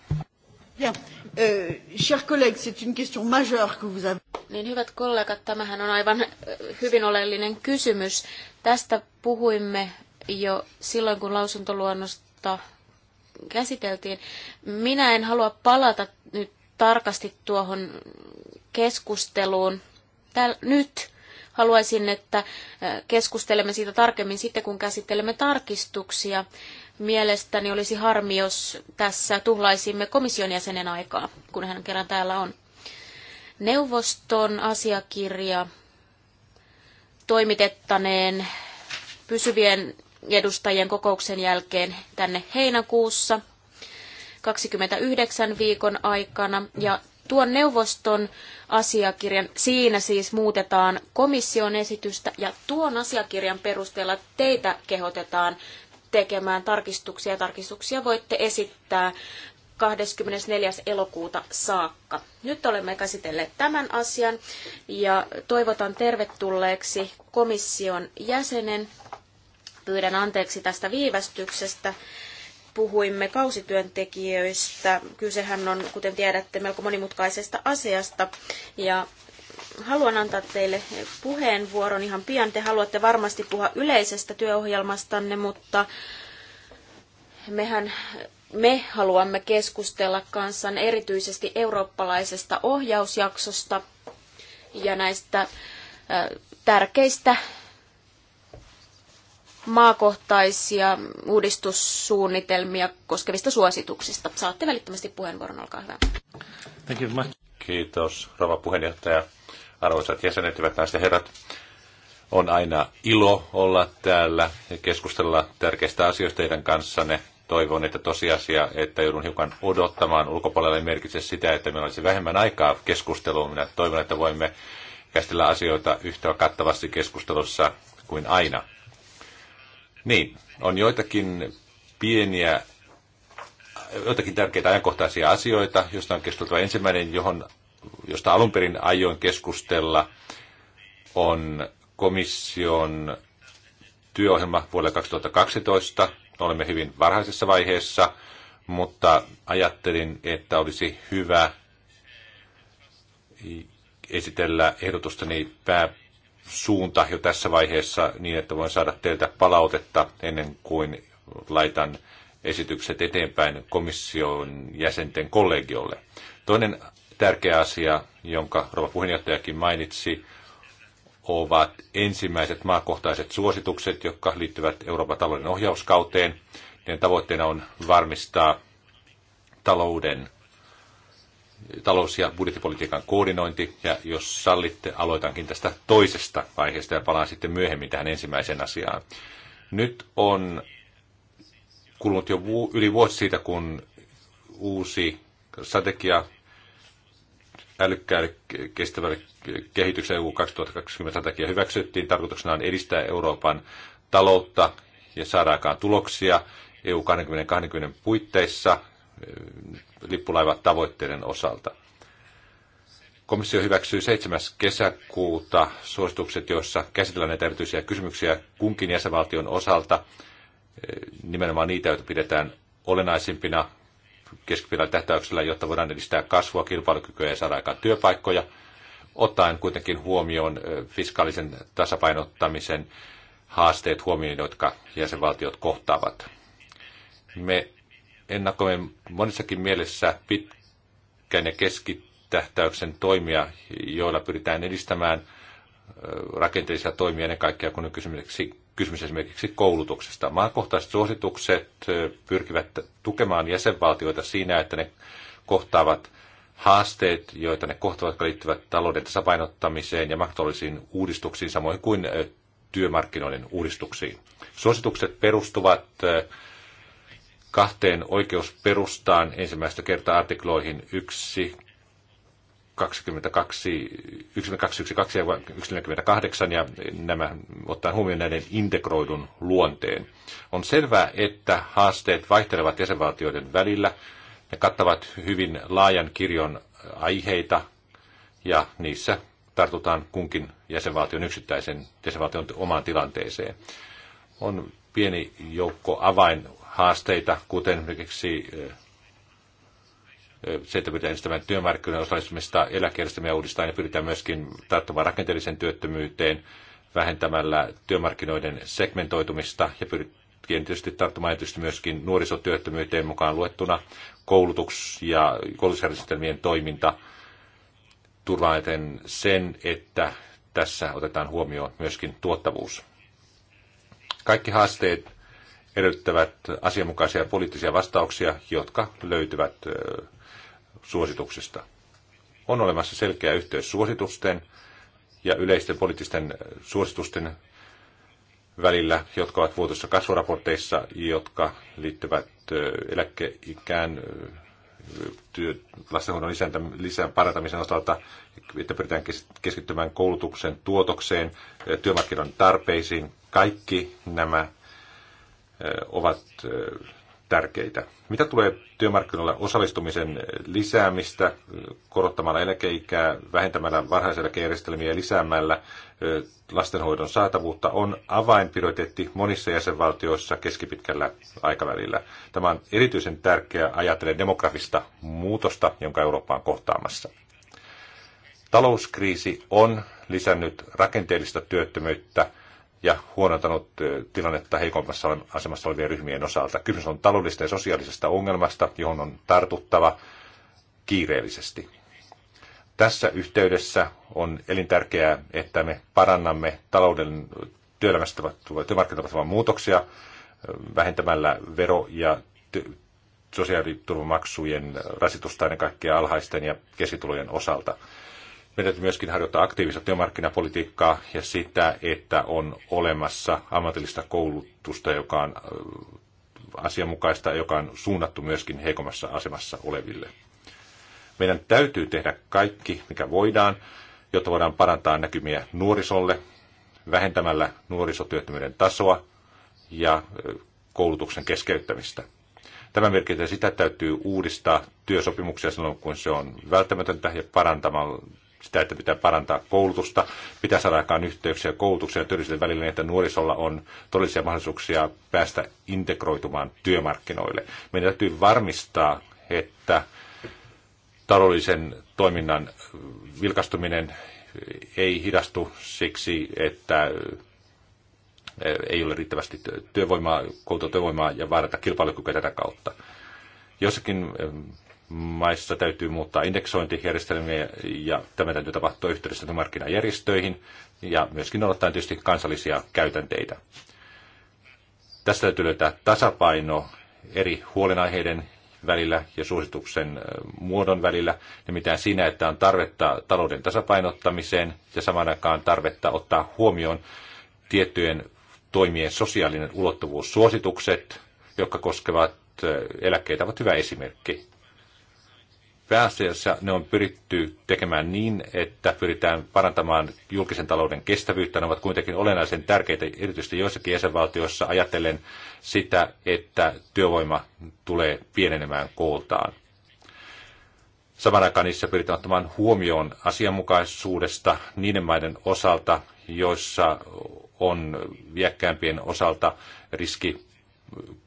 A: Bien. Euh, chers collègues, c'est une question majeure que vous avez. Niin hyvät kollegat, tämähän on aivan hyvin oleellinen kysymys. Tästä puhuimme jo silloin, kun lausuntoluonnosta käsiteltiin. Minä en halua palata nyt tarkasti tuohon keskusteluun Täl, nyt. Haluaisin, että keskustelemme siitä tarkemmin sitten, kun käsittelemme tarkistuksia. Mielestäni olisi harmi, jos tässä tuhlaisimme komission jäsenen aikaa, kun hän kerran täällä on. Neuvoston asiakirja toimitettaneen pysyvien edustajien kokouksen jälkeen tänne heinäkuussa 29 viikon aikana. Ja tuon neuvoston asiakirjan, siinä siis muutetaan komission esitystä ja tuon asiakirjan perusteella teitä kehotetaan tekemään tarkistuksia. Tarkistuksia voitte esittää 24. elokuuta saakka. Nyt olemme käsitelleet tämän asian ja toivotan tervetulleeksi komission jäsenen Pyydän anteeksi tästä viivästyksestä. Puhuimme kausityöntekijöistä. Kysehän on, kuten tiedätte, melko monimutkaisesta asiasta. Ja haluan antaa teille puheenvuoron ihan pian. Te haluatte varmasti puhua yleisestä työohjelmastanne, mutta mehän me haluamme keskustella kanssan erityisesti eurooppalaisesta ohjausjaksosta ja näistä tärkeistä maakohtaisia uudistussuunnitelmia koskevista suosituksista. Saatte välittömästi puheenvuoron, olkaa hyvä.
C: Thank you much. Kiitos, rouva puheenjohtaja. Arvoisat jäsenet, hyvät naiset ja herrat. On aina ilo olla täällä ja keskustella tärkeistä asioista teidän kanssanne. Toivon, että tosiasia, että joudun hiukan odottamaan ulkopuolella, ei merkitse sitä, että meillä olisi vähemmän aikaa keskusteluun. Minä toivon, että voimme käsitellä asioita yhtä kattavasti keskustelussa kuin aina. Niin, on joitakin pieniä, joitakin tärkeitä ajankohtaisia asioita, joista on keskusteltava. Ensimmäinen, johon, josta alun perin aion keskustella, on komission työohjelma vuodelle 2012. Olemme hyvin varhaisessa vaiheessa, mutta ajattelin, että olisi hyvä esitellä ehdotustani pää suunta jo tässä vaiheessa niin, että voin saada teiltä palautetta ennen kuin laitan esitykset eteenpäin komission jäsenten kollegiolle. Toinen tärkeä asia, jonka rouva puheenjohtajakin mainitsi, ovat ensimmäiset maakohtaiset suositukset, jotka liittyvät Euroopan talouden ohjauskauteen. Niiden tavoitteena on varmistaa talouden talous- ja budjettipolitiikan koordinointi, ja jos sallitte, aloitankin tästä toisesta vaiheesta ja palaan sitten myöhemmin tähän ensimmäiseen asiaan. Nyt on kulunut jo yli vuosi siitä, kun uusi strategia älykkäälle kestävälle kehitykselle EU 2020 strategia hyväksyttiin. Tarkoituksena on edistää Euroopan taloutta ja saadaakaan tuloksia EU 2020 puitteissa tavoitteiden osalta. Komissio hyväksyy 7. kesäkuuta suositukset, joissa käsitellään näitä erityisiä kysymyksiä kunkin jäsenvaltion osalta, nimenomaan niitä, joita pidetään olennaisimpina keskipitkällä tähtäyksellä, jotta voidaan edistää kasvua, kilpailukykyä ja saada aikaan työpaikkoja, ottaen kuitenkin huomioon fiskaalisen tasapainottamisen haasteet huomioon, jotka jäsenvaltiot kohtaavat. Me ennakoimme monissakin mielessä pitkän ja keskitähtäyksen toimia, joilla pyritään edistämään rakenteellisia toimia ennen kaikkea, kun on kysymyksessä kysymys esimerkiksi koulutuksesta. Maakohtaiset suositukset pyrkivät tukemaan jäsenvaltioita siinä, että ne kohtaavat haasteet, joita ne kohtavat, jotka liittyvät talouden tasapainottamiseen ja makrotaloudellisiin uudistuksiin, samoin kuin työmarkkinoiden uudistuksiin. Suositukset perustuvat kahteen oikeusperustaan ensimmäistä kertaa artikloihin 1, 22, 122 ja 148 ja nämä ottaen huomioon näiden integroidun luonteen. On selvää, että haasteet vaihtelevat jäsenvaltioiden välillä. Ne kattavat hyvin laajan kirjon aiheita ja niissä tartutaan kunkin jäsenvaltion yksittäisen jäsenvaltion omaan tilanteeseen. On pieni joukko avain haasteita, kuten esimerkiksi se, että pyritään edistämään työmarkkinoiden osallistumista, eläkejärjestelmiä uudistamaan ja pyritään myöskin tarttumaan rakenteelliseen työttömyyteen vähentämällä työmarkkinoiden segmentoitumista ja pyritään tietysti tarttumaan tietysti myöskin nuorisotyöttömyyteen mukaan luettuna koulutus- ja koulutusjärjestelmien toiminta turvaten sen, että tässä otetaan huomioon myöskin tuottavuus. Kaikki haasteet edellyttävät asianmukaisia poliittisia vastauksia, jotka löytyvät suosituksista. On olemassa selkeä yhteys suositusten ja yleisten poliittisten suositusten välillä, jotka ovat vuotuissa kasvuraporteissa, jotka liittyvät eläkeikään, työ, lastenhoidon lisän, lisän parantamisen osalta, että pyritään keskittymään koulutuksen tuotokseen, työmarkkinoiden tarpeisiin. Kaikki nämä ovat tärkeitä. Mitä tulee työmarkkinoilla osallistumisen lisäämistä, korottamalla eläkeikää, vähentämällä varhaiseläkejärjestelmiä ja lisäämällä lastenhoidon saatavuutta, on avainprioriteetti monissa jäsenvaltioissa keskipitkällä aikavälillä. Tämä on erityisen tärkeää ajatella demografista muutosta, jonka Eurooppa on kohtaamassa. Talouskriisi on lisännyt rakenteellista työttömyyttä ja huonontanut tilannetta heikommassa asemassa olevien ryhmien osalta. Kysymys on taloudellisesta ja sosiaalisesta ongelmasta, johon on tartuttava kiireellisesti. Tässä yhteydessä on elintärkeää, että me parannamme talouden työelämässä muutoksia vähentämällä vero- ja sosiaaliturvamaksujen rasitusta ennen kaikkea alhaisten ja keskitulojen osalta. Meidän täytyy myöskin harjoittaa aktiivista työmarkkinapolitiikkaa ja sitä, että on olemassa ammatillista koulutusta, joka on asianmukaista, joka on suunnattu myöskin heikommassa asemassa oleville. Meidän täytyy tehdä kaikki, mikä voidaan, jotta voidaan parantaa näkymiä nuorisolle vähentämällä nuorisotyöttömyyden tasoa ja koulutuksen keskeyttämistä. Tämä merkitsee sitä, että täytyy uudistaa työsopimuksia silloin, kun se on välttämätöntä ja parantamalla sitä, että pitää parantaa koulutusta, pitää saada aikaan yhteyksiä koulutuksen ja työllisyyden välillä, niin että nuorisolla on todellisia mahdollisuuksia päästä integroitumaan työmarkkinoille. Meidän täytyy varmistaa, että taloudellisen toiminnan vilkastuminen ei hidastu siksi, että ei ole riittävästi työvoimaa, koulutettua työvoimaa ja vaarata kilpailukykyä tätä kautta. Jossakin maissa täytyy muuttaa indeksointijärjestelmiä ja tämä täytyy tapahtua yhteydessä markkinajärjestöihin ja myöskin odottaa tietysti kansallisia käytänteitä. Tästä täytyy löytää tasapaino eri huolenaiheiden välillä ja suosituksen muodon välillä, nimittäin siinä, että on tarvetta talouden tasapainottamiseen ja samaan aikaan tarvetta ottaa huomioon tiettyjen toimien sosiaalinen ulottuvuus. Suositukset, jotka koskevat eläkkeitä, ovat hyvä esimerkki. Pääasiassa ne on pyritty tekemään niin, että pyritään parantamaan julkisen talouden kestävyyttä. Ne ovat kuitenkin olennaisen tärkeitä, erityisesti joissakin jäsenvaltioissa ajatellen sitä, että työvoima tulee pienenemään kooltaan. Saman aikaan niissä pyritään ottamaan huomioon asianmukaisuudesta niiden maiden osalta, joissa on viekkäämpien osalta riski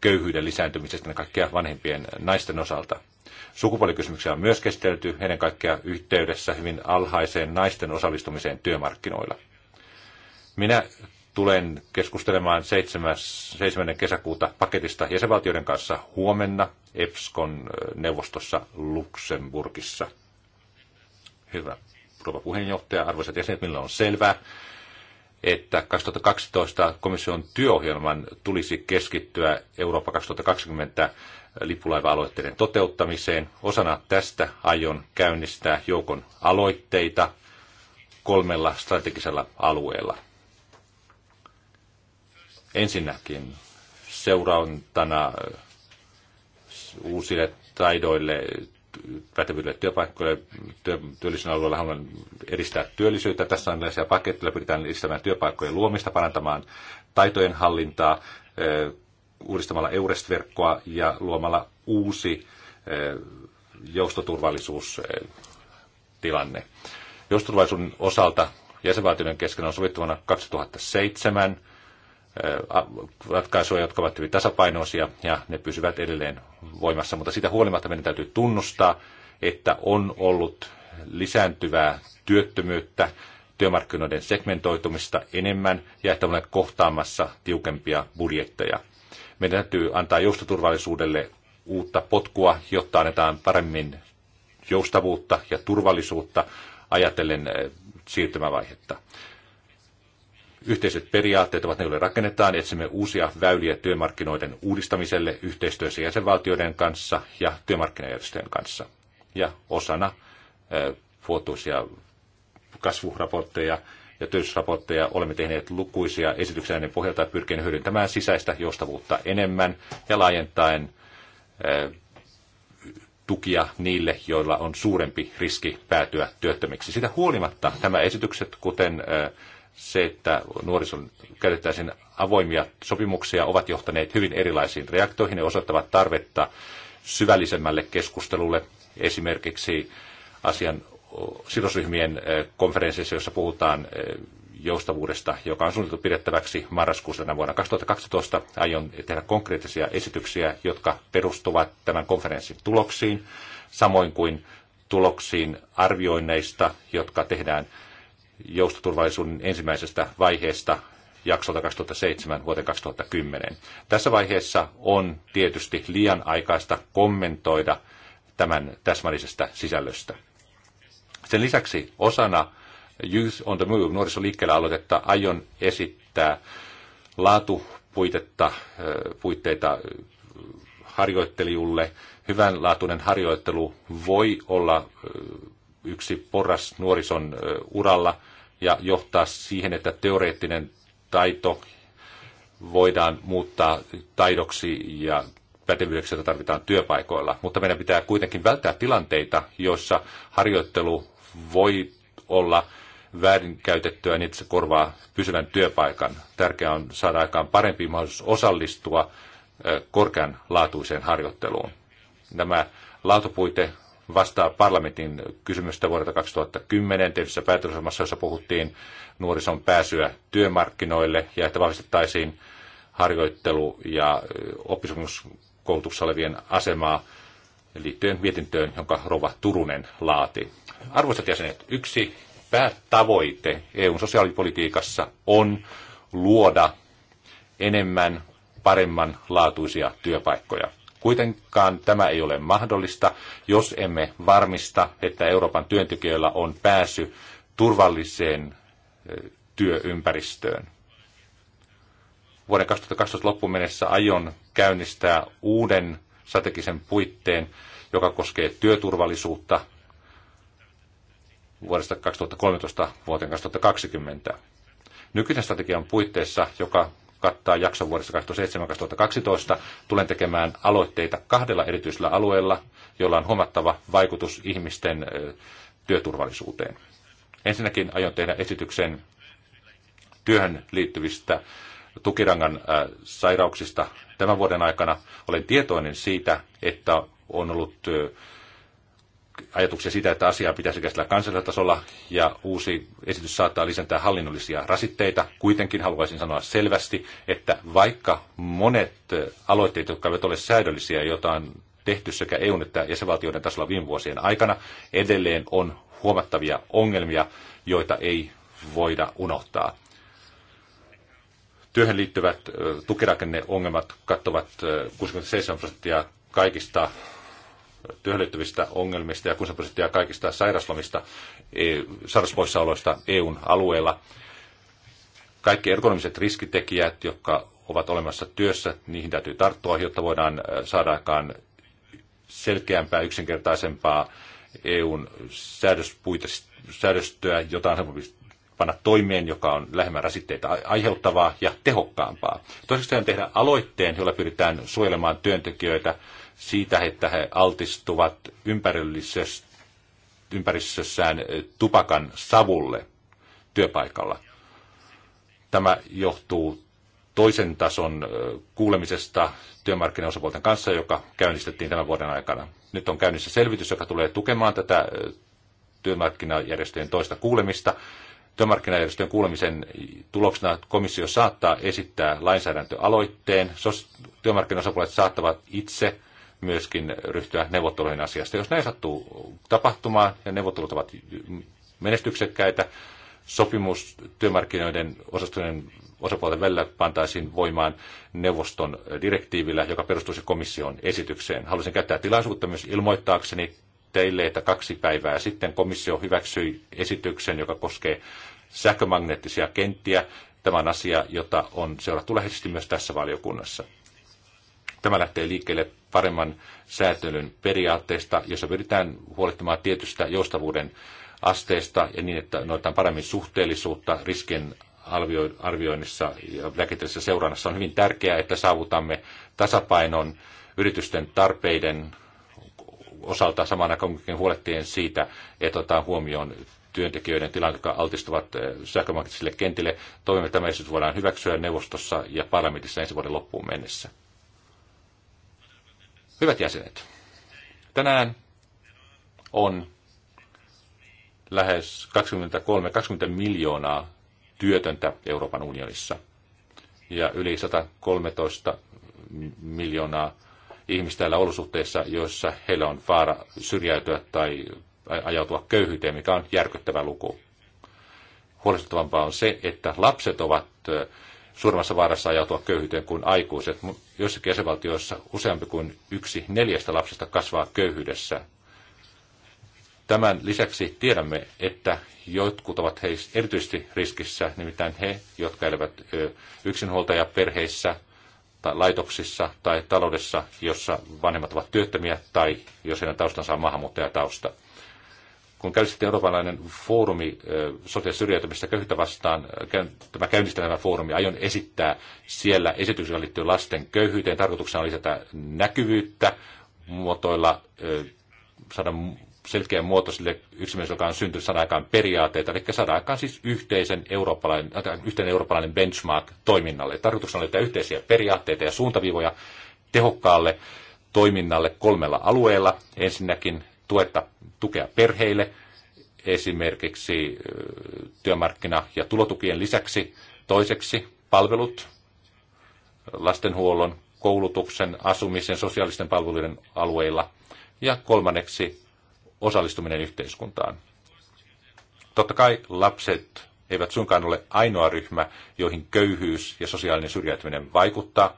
C: köyhyyden lisääntymisestä, kaikkia vanhempien naisten osalta. Sukupuolikysymyksiä on myös kestelty ennen kaikkea yhteydessä hyvin alhaiseen naisten osallistumiseen työmarkkinoilla. Minä tulen keskustelemaan 7. 7. kesäkuuta paketista jäsenvaltioiden kanssa huomenna EPSKon neuvostossa Luxemburgissa. Hyvä rouva puheenjohtaja, arvoisat jäsenet, millä on selvää, että 2012 komission työohjelman tulisi keskittyä Eurooppa 2020 lippulaiva-aloitteiden toteuttamiseen. Osana tästä aion käynnistää joukon aloitteita kolmella strategisella alueella. Ensinnäkin seurantana uusille taidoille pätevyydelle työpaikkoille. Työ, työllisyyden alueella haluan edistää työllisyyttä. Tässä on erilaisia paketteja, pyritään edistämään työpaikkojen luomista, parantamaan taitojen hallintaa, uudistamalla Eurest-verkkoa ja luomalla uusi joustoturvallisuustilanne. Joustoturvallisuuden osalta jäsenvaltioiden kesken on sovittavana 2007 ratkaisuja, jotka ovat hyvin tasapainoisia ja ne pysyvät edelleen voimassa, mutta sitä huolimatta meidän täytyy tunnustaa, että on ollut lisääntyvää työttömyyttä, työmarkkinoiden segmentoitumista enemmän ja että olemme kohtaamassa tiukempia budjetteja. Meidän täytyy antaa joustoturvallisuudelle uutta potkua, jotta annetaan paremmin joustavuutta ja turvallisuutta ajatellen siirtymävaihetta. Yhteiset periaatteet ovat ne, joille rakennetaan. Etsimme uusia väyliä työmarkkinoiden uudistamiselle yhteistyössä jäsenvaltioiden kanssa ja työmarkkinajärjestöjen kanssa. Ja osana vuotuisia kasvuraportteja ja työllisyysraportteja olemme tehneet lukuisia esityksiä näiden pohjalta pyrkien hyödyntämään sisäistä joustavuutta enemmän ja laajentaen tukia niille, joilla on suurempi riski päätyä työttömiksi. Sitä huolimatta nämä esitykset, kuten se, että nuorison käytettäisiin avoimia sopimuksia, ovat johtaneet hyvin erilaisiin reaktoihin ja osoittavat tarvetta syvällisemmälle keskustelulle. Esimerkiksi asian sidosryhmien konferensseissa, jossa puhutaan joustavuudesta, joka on suunniteltu pidettäväksi marraskuussa tänä vuonna 2012. Aion tehdä konkreettisia esityksiä, jotka perustuvat tämän konferenssin tuloksiin, samoin kuin tuloksiin arvioinneista, jotka tehdään joustoturvallisuuden ensimmäisestä vaiheesta jaksolta 2007 vuoteen 2010. Tässä vaiheessa on tietysti liian aikaista kommentoida tämän täsmällisestä sisällöstä. Sen lisäksi osana Youth on the Move nuorisoliikkeellä aloitetta aion esittää laatupuitetta, puitteita harjoittelijulle. Hyvänlaatuinen harjoittelu voi olla yksi porras nuorison uralla – ja johtaa siihen, että teoreettinen taito voidaan muuttaa taidoksi ja pätevyydeksi, jota tarvitaan työpaikoilla. Mutta meidän pitää kuitenkin välttää tilanteita, joissa harjoittelu voi olla väärinkäytettyä niin, että se korvaa pysyvän työpaikan. Tärkeää on saada aikaan parempi mahdollisuus osallistua korkean laatuiseen harjoitteluun. Nämä laatupuite vastaa parlamentin kysymystä vuodelta 2010 tietyssä päätösohjelmassa, jossa puhuttiin nuorison pääsyä työmarkkinoille ja että vahvistettaisiin harjoittelu- ja oppisopimuskoulutuksessa olevien asemaa liittyen mietintöön, jonka Rova Turunen laati. Arvoisat jäsenet, yksi päätavoite EUn sosiaalipolitiikassa on luoda enemmän paremman laatuisia työpaikkoja. Kuitenkaan tämä ei ole mahdollista, jos emme varmista, että Euroopan työntekijöillä on pääsy turvalliseen työympäristöön. Vuoden 2012 loppuun mennessä aion käynnistää uuden strategisen puitteen, joka koskee työturvallisuutta vuodesta 2013 vuoteen 2020. Nykyinen strategian puitteissa, joka kattaa jakson vuodesta 2007-2012. Tulen tekemään aloitteita kahdella erityisellä alueella, jolla on huomattava vaikutus ihmisten työturvallisuuteen. Ensinnäkin aion tehdä esityksen työhön liittyvistä tukirangan sairauksista tämän vuoden aikana. Olen tietoinen siitä, että on ollut ajatuksia siitä, että asiaa pitäisi käsitellä kansallisella tasolla ja uusi esitys saattaa lisätä hallinnollisia rasitteita. Kuitenkin haluaisin sanoa selvästi, että vaikka monet aloitteet, jotka eivät ole säädöllisiä, joita on tehty sekä EUn että jäsenvaltioiden tasolla viime vuosien aikana, edelleen on huomattavia ongelmia, joita ei voida unohtaa. Työhön liittyvät tukirakenneongelmat kattavat 67 prosenttia kaikista työhön liittyvistä ongelmista ja 6 prosenttia kaikista sairaslomista, e, sairauspoissaoloista EUn alueella. Kaikki ergonomiset riskitekijät, jotka ovat olemassa työssä, niihin täytyy tarttua, jotta voidaan e, saada aikaan selkeämpää, yksinkertaisempaa EUn säädöstöä, jota on helpompi panna toimeen, joka on lähemmän rasitteita aiheuttavaa ja tehokkaampaa. Toiseksi tehdä aloitteen, jolla pyritään suojelemaan työntekijöitä siitä, että he altistuvat ympäristössään eh, tupakan savulle työpaikalla. Tämä johtuu toisen tason eh, kuulemisesta työmarkkinaosapuolten kanssa, joka käynnistettiin tämän vuoden aikana. Nyt on käynnissä selvitys, joka tulee tukemaan tätä eh, työmarkkinajärjestöjen toista kuulemista. Työmarkkinajärjestöjen kuulemisen tuloksena komissio saattaa esittää lainsäädäntöaloitteen. Työmarkkinaosapuolet saattavat itse myöskin ryhtyä neuvotteluihin asiasta. Jos näin sattuu tapahtumaan ja neuvottelut ovat menestyksekkäitä, sopimus työmarkkinoiden osastojen osapuolten välillä pantaisiin voimaan neuvoston direktiivillä, joka perustuisi komission esitykseen. Haluaisin käyttää tilaisuutta myös ilmoittaakseni teille, että kaksi päivää sitten komissio hyväksyi esityksen, joka koskee sähkömagneettisia kenttiä. Tämä on asia, jota on seurattu läheisesti myös tässä valiokunnassa. Tämä lähtee liikkeelle paremman säätelyn periaatteesta, jossa pyritään huolehtimaan tietystä joustavuuden asteesta ja niin, että noitaan paremmin suhteellisuutta riskien arvioinnissa ja lääketieteellisessä seurannassa. On hyvin tärkeää, että saavutamme tasapainon yritysten tarpeiden osalta samana kuin huolehtien siitä, että otetaan huomioon työntekijöiden tilanne, jotka altistuvat eh, sähkömarkkinoille kentille. Toivomme, että tämä esitys voidaan hyväksyä neuvostossa ja parlamentissa ensi vuoden loppuun mennessä. Hyvät jäsenet, tänään on lähes 23-20 miljoonaa työtöntä Euroopan unionissa ja yli 113 miljoonaa ihmistä täällä olosuhteissa, joissa heillä on vaara syrjäytyä tai ajautua köyhyyteen, mikä on järkyttävä luku. Huolestuttavampaa on se, että lapset ovat suuremmassa vaarassa ajautua köyhyyteen kuin aikuiset. Joissakin jäsenvaltioissa useampi kuin yksi neljästä lapsesta kasvaa köyhyydessä. Tämän lisäksi tiedämme, että jotkut ovat heistä erityisesti riskissä, nimittäin he, jotka elävät yksinhuoltajaperheissä tai laitoksissa tai taloudessa, jossa vanhemmat ovat työttömiä tai jos heidän taustansa on maahanmuuttajatausta. tausta kun käynnistettiin eurooppalainen foorumi sosiaalista syrjäytymistä köyhyyttä vastaan, tämä käynnistelevä foorumi, aion esittää siellä esityksiä liittyen lasten köyhyyteen. Tarkoituksena on lisätä näkyvyyttä, muotoilla, saada selkeä muoto sille yksimielisesti, joka on syntynyt sadan aikaan periaatteita, eli sadan aikaan siis yhteisen eurooppalainen, äh, yhteinen eurooppalainen benchmark toiminnalle. Tarkoituksena on löytää yhteisiä periaatteita ja suuntaviivoja tehokkaalle toiminnalle kolmella alueella. Ensinnäkin tuetta, tukea perheille, esimerkiksi työmarkkina- ja tulotukien lisäksi. Toiseksi palvelut, lastenhuollon, koulutuksen, asumisen, sosiaalisten palveluiden alueilla. Ja kolmanneksi osallistuminen yhteiskuntaan. Totta kai lapset eivät suinkaan ole ainoa ryhmä, joihin köyhyys ja sosiaalinen syrjäytyminen vaikuttaa.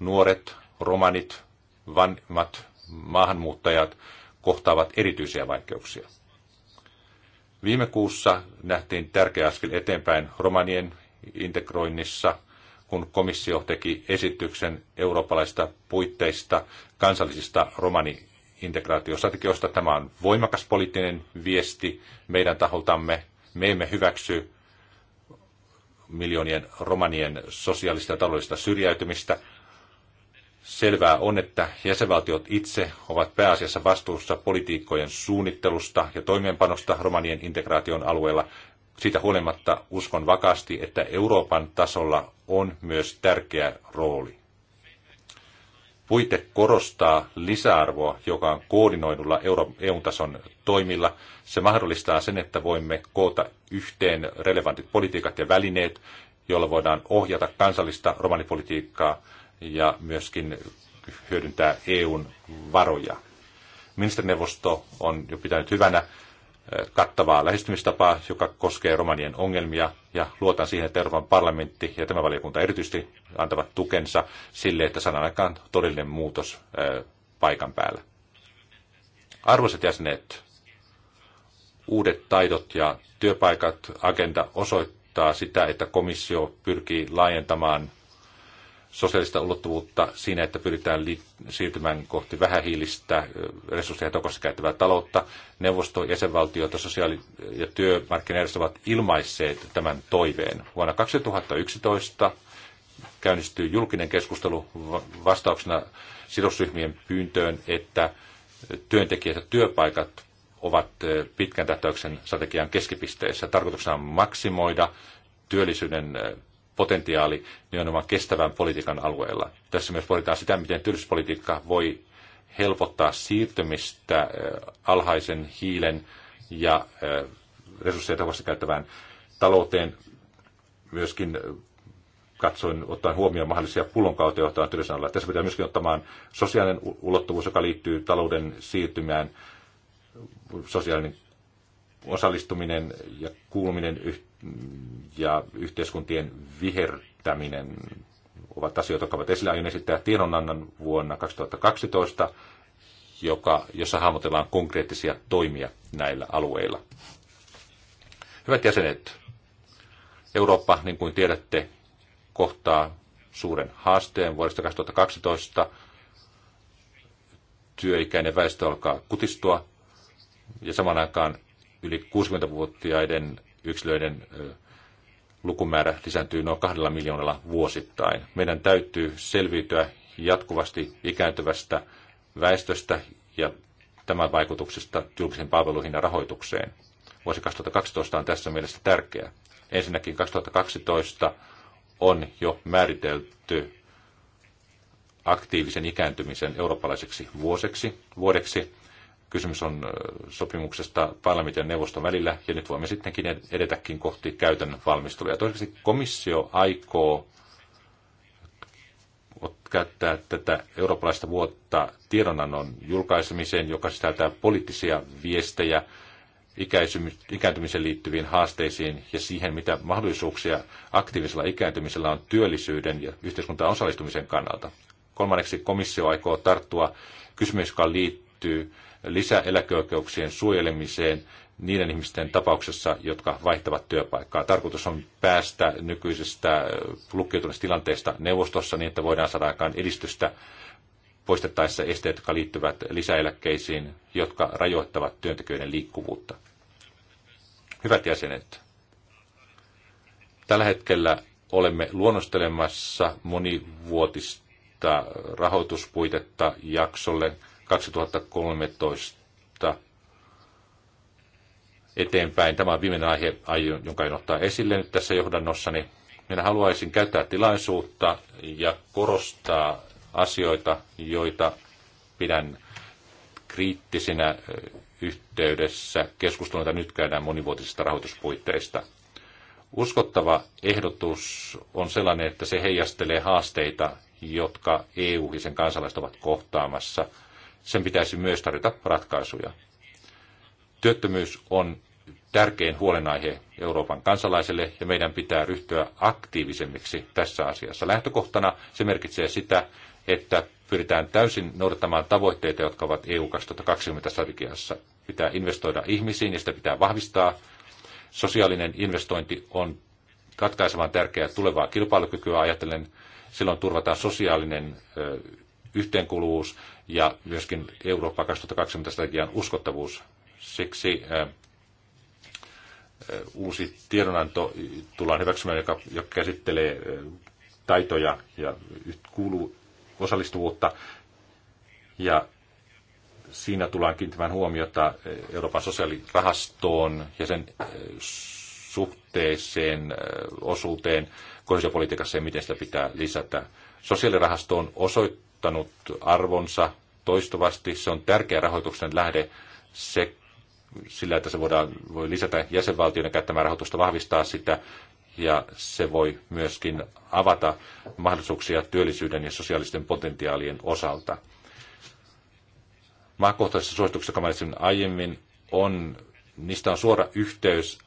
C: Nuoret, romanit, vanhemmat, maahanmuuttajat kohtaavat erityisiä vaikeuksia. Viime kuussa nähtiin tärkeä askel eteenpäin romanien integroinnissa, kun komissio teki esityksen eurooppalaista puitteista kansallisista romani integraatiostrategioista. Tämä on voimakas poliittinen viesti meidän taholtamme. Me emme hyväksy miljoonien romanien sosiaalista ja taloudellista syrjäytymistä. Selvää on, että jäsenvaltiot itse ovat pääasiassa vastuussa politiikkojen suunnittelusta ja toimeenpanosta romanien integraation alueella. Siitä huolimatta uskon vakaasti, että Euroopan tasolla on myös tärkeä rooli. Puite korostaa lisäarvoa, joka on koordinoidulla EU-tason toimilla. Se mahdollistaa sen, että voimme koota yhteen relevantit politiikat ja välineet, joilla voidaan ohjata kansallista romanipolitiikkaa – ja myöskin hyödyntää EUn varoja. Ministerineuvosto on jo pitänyt hyvänä eh, kattavaa lähestymistapaa, joka koskee romanien ongelmia, ja luotan siihen, että Euroopan parlamentti ja tämä valiokunta erityisesti antavat tukensa sille, että sanan aikaan todellinen muutos eh, paikan päällä. Arvoisat jäsenet, uudet taidot ja työpaikat agenda osoittaa sitä, että komissio pyrkii laajentamaan sosiaalista ulottuvuutta siinä, että pyritään siirtymään kohti vähähiilistä, resursseja tokossa käyttävää taloutta. Neuvosto, jäsenvaltiot ja sosiaali- ja työmarkkinajärjestö ovat ilmaisseet tämän toiveen. Vuonna 2011 käynnistyy julkinen keskustelu vastauksena sidosryhmien pyyntöön, että työntekijät ja työpaikat ovat pitkän tähtäyksen strategian keskipisteessä. Tarkoituksena on maksimoida työllisyyden potentiaali nimenomaan kestävän politiikan alueella. Tässä myös pohditaan sitä, miten työllisyyspolitiikka voi helpottaa siirtymistä alhaisen hiilen ja resursseja tehokasta käyttävään talouteen. Myöskin katsoin ottaen huomioon mahdollisia pullonkautoja johtaa työllisyyden Tässä pitää myöskin ottamaan sosiaalinen ulottuvuus, joka liittyy talouden siirtymään, sosiaalinen osallistuminen ja kuuluminen ja yhteiskuntien vihertäminen ovat asioita, jotka ovat esillä. Aion esittää tiedonannan vuonna 2012, joka, jossa hahmotellaan konkreettisia toimia näillä alueilla. Hyvät jäsenet, Eurooppa, niin kuin tiedätte, kohtaa suuren haasteen vuodesta 2012. Työikäinen väestö alkaa kutistua ja samaan aikaan yli 60-vuotiaiden yksilöiden lukumäärä lisääntyy noin kahdella miljoonalla vuosittain. Meidän täytyy selviytyä jatkuvasti ikääntyvästä väestöstä ja tämän vaikutuksesta julkisiin palveluihin ja rahoitukseen. Vuosi 2012 on tässä mielessä tärkeä. Ensinnäkin 2012 on jo määritelty aktiivisen ikääntymisen eurooppalaiseksi vuoseksi, vuodeksi. Kysymys on sopimuksesta parlamentin ja neuvoston välillä, ja nyt voimme sittenkin edetäkin kohti käytännön valmistelua. Toiseksi komissio aikoo käyttää tätä eurooppalaista vuotta tiedonannon julkaisemiseen, joka sisältää poliittisia viestejä ikääntymiseen liittyviin haasteisiin ja siihen, mitä mahdollisuuksia aktiivisella ikääntymisellä on työllisyyden ja yhteiskuntaan osallistumisen kannalta. Kolmanneksi komissio aikoo tarttua kysymykseen, joka liittyy lisäeläkeoikeuksien suojelemiseen niiden ihmisten tapauksessa, jotka vaihtavat työpaikkaa. Tarkoitus on päästä nykyisestä lukkiutuneesta tilanteesta neuvostossa niin, että voidaan saada aikaan edistystä poistettaessa esteet, jotka liittyvät lisäeläkkeisiin, jotka rajoittavat työntekijöiden liikkuvuutta. Hyvät jäsenet, tällä hetkellä olemme luonnostelemassa monivuotista rahoituspuitetta jaksolle 2013 eteenpäin. Tämä on viimeinen aihe, jonka en ottaa esille nyt tässä johdannossani. Minä haluaisin käyttää tilaisuutta ja korostaa asioita, joita pidän kriittisinä yhteydessä keskustelua, jota nyt käydään monivuotisista rahoituspuitteista. Uskottava ehdotus on sellainen, että se heijastelee haasteita, jotka EU ja sen kansalaiset ovat kohtaamassa – sen pitäisi myös tarjota ratkaisuja. Työttömyys on tärkein huolenaihe Euroopan kansalaiselle ja meidän pitää ryhtyä aktiivisemmiksi tässä asiassa. Lähtökohtana se merkitsee sitä, että pyritään täysin noudattamaan tavoitteita, jotka ovat EU 2020 strategiassa. Pitää investoida ihmisiin ja sitä pitää vahvistaa. Sosiaalinen investointi on ratkaisevan tärkeää tulevaa kilpailukykyä ajatellen. Silloin turvataan sosiaalinen yhteenkuuluvuus ja myöskin Eurooppa 2020 strategian uskottavuus. Siksi uusi tiedonanto tullaan hyväksymään, joka, joka käsittelee taitoja ja kuuluu osallistuvuutta. Ja siinä tullaan kiinnittämään huomiota Euroopan sosiaalirahastoon ja sen suhteeseen, osuuteen kohesiopolitiikassa ja miten sitä pitää lisätä. Sosiaalirahastoon osoittaa muuttanut arvonsa toistuvasti. Se on tärkeä rahoituksen lähde se, sillä, että se voidaan, voi lisätä jäsenvaltioiden käyttämää rahoitusta, vahvistaa sitä ja se voi myöskin avata mahdollisuuksia työllisyyden ja sosiaalisten potentiaalien osalta. Maakohtaisessa suosituksessa, joka aiemmin, on, niistä on suora yhteys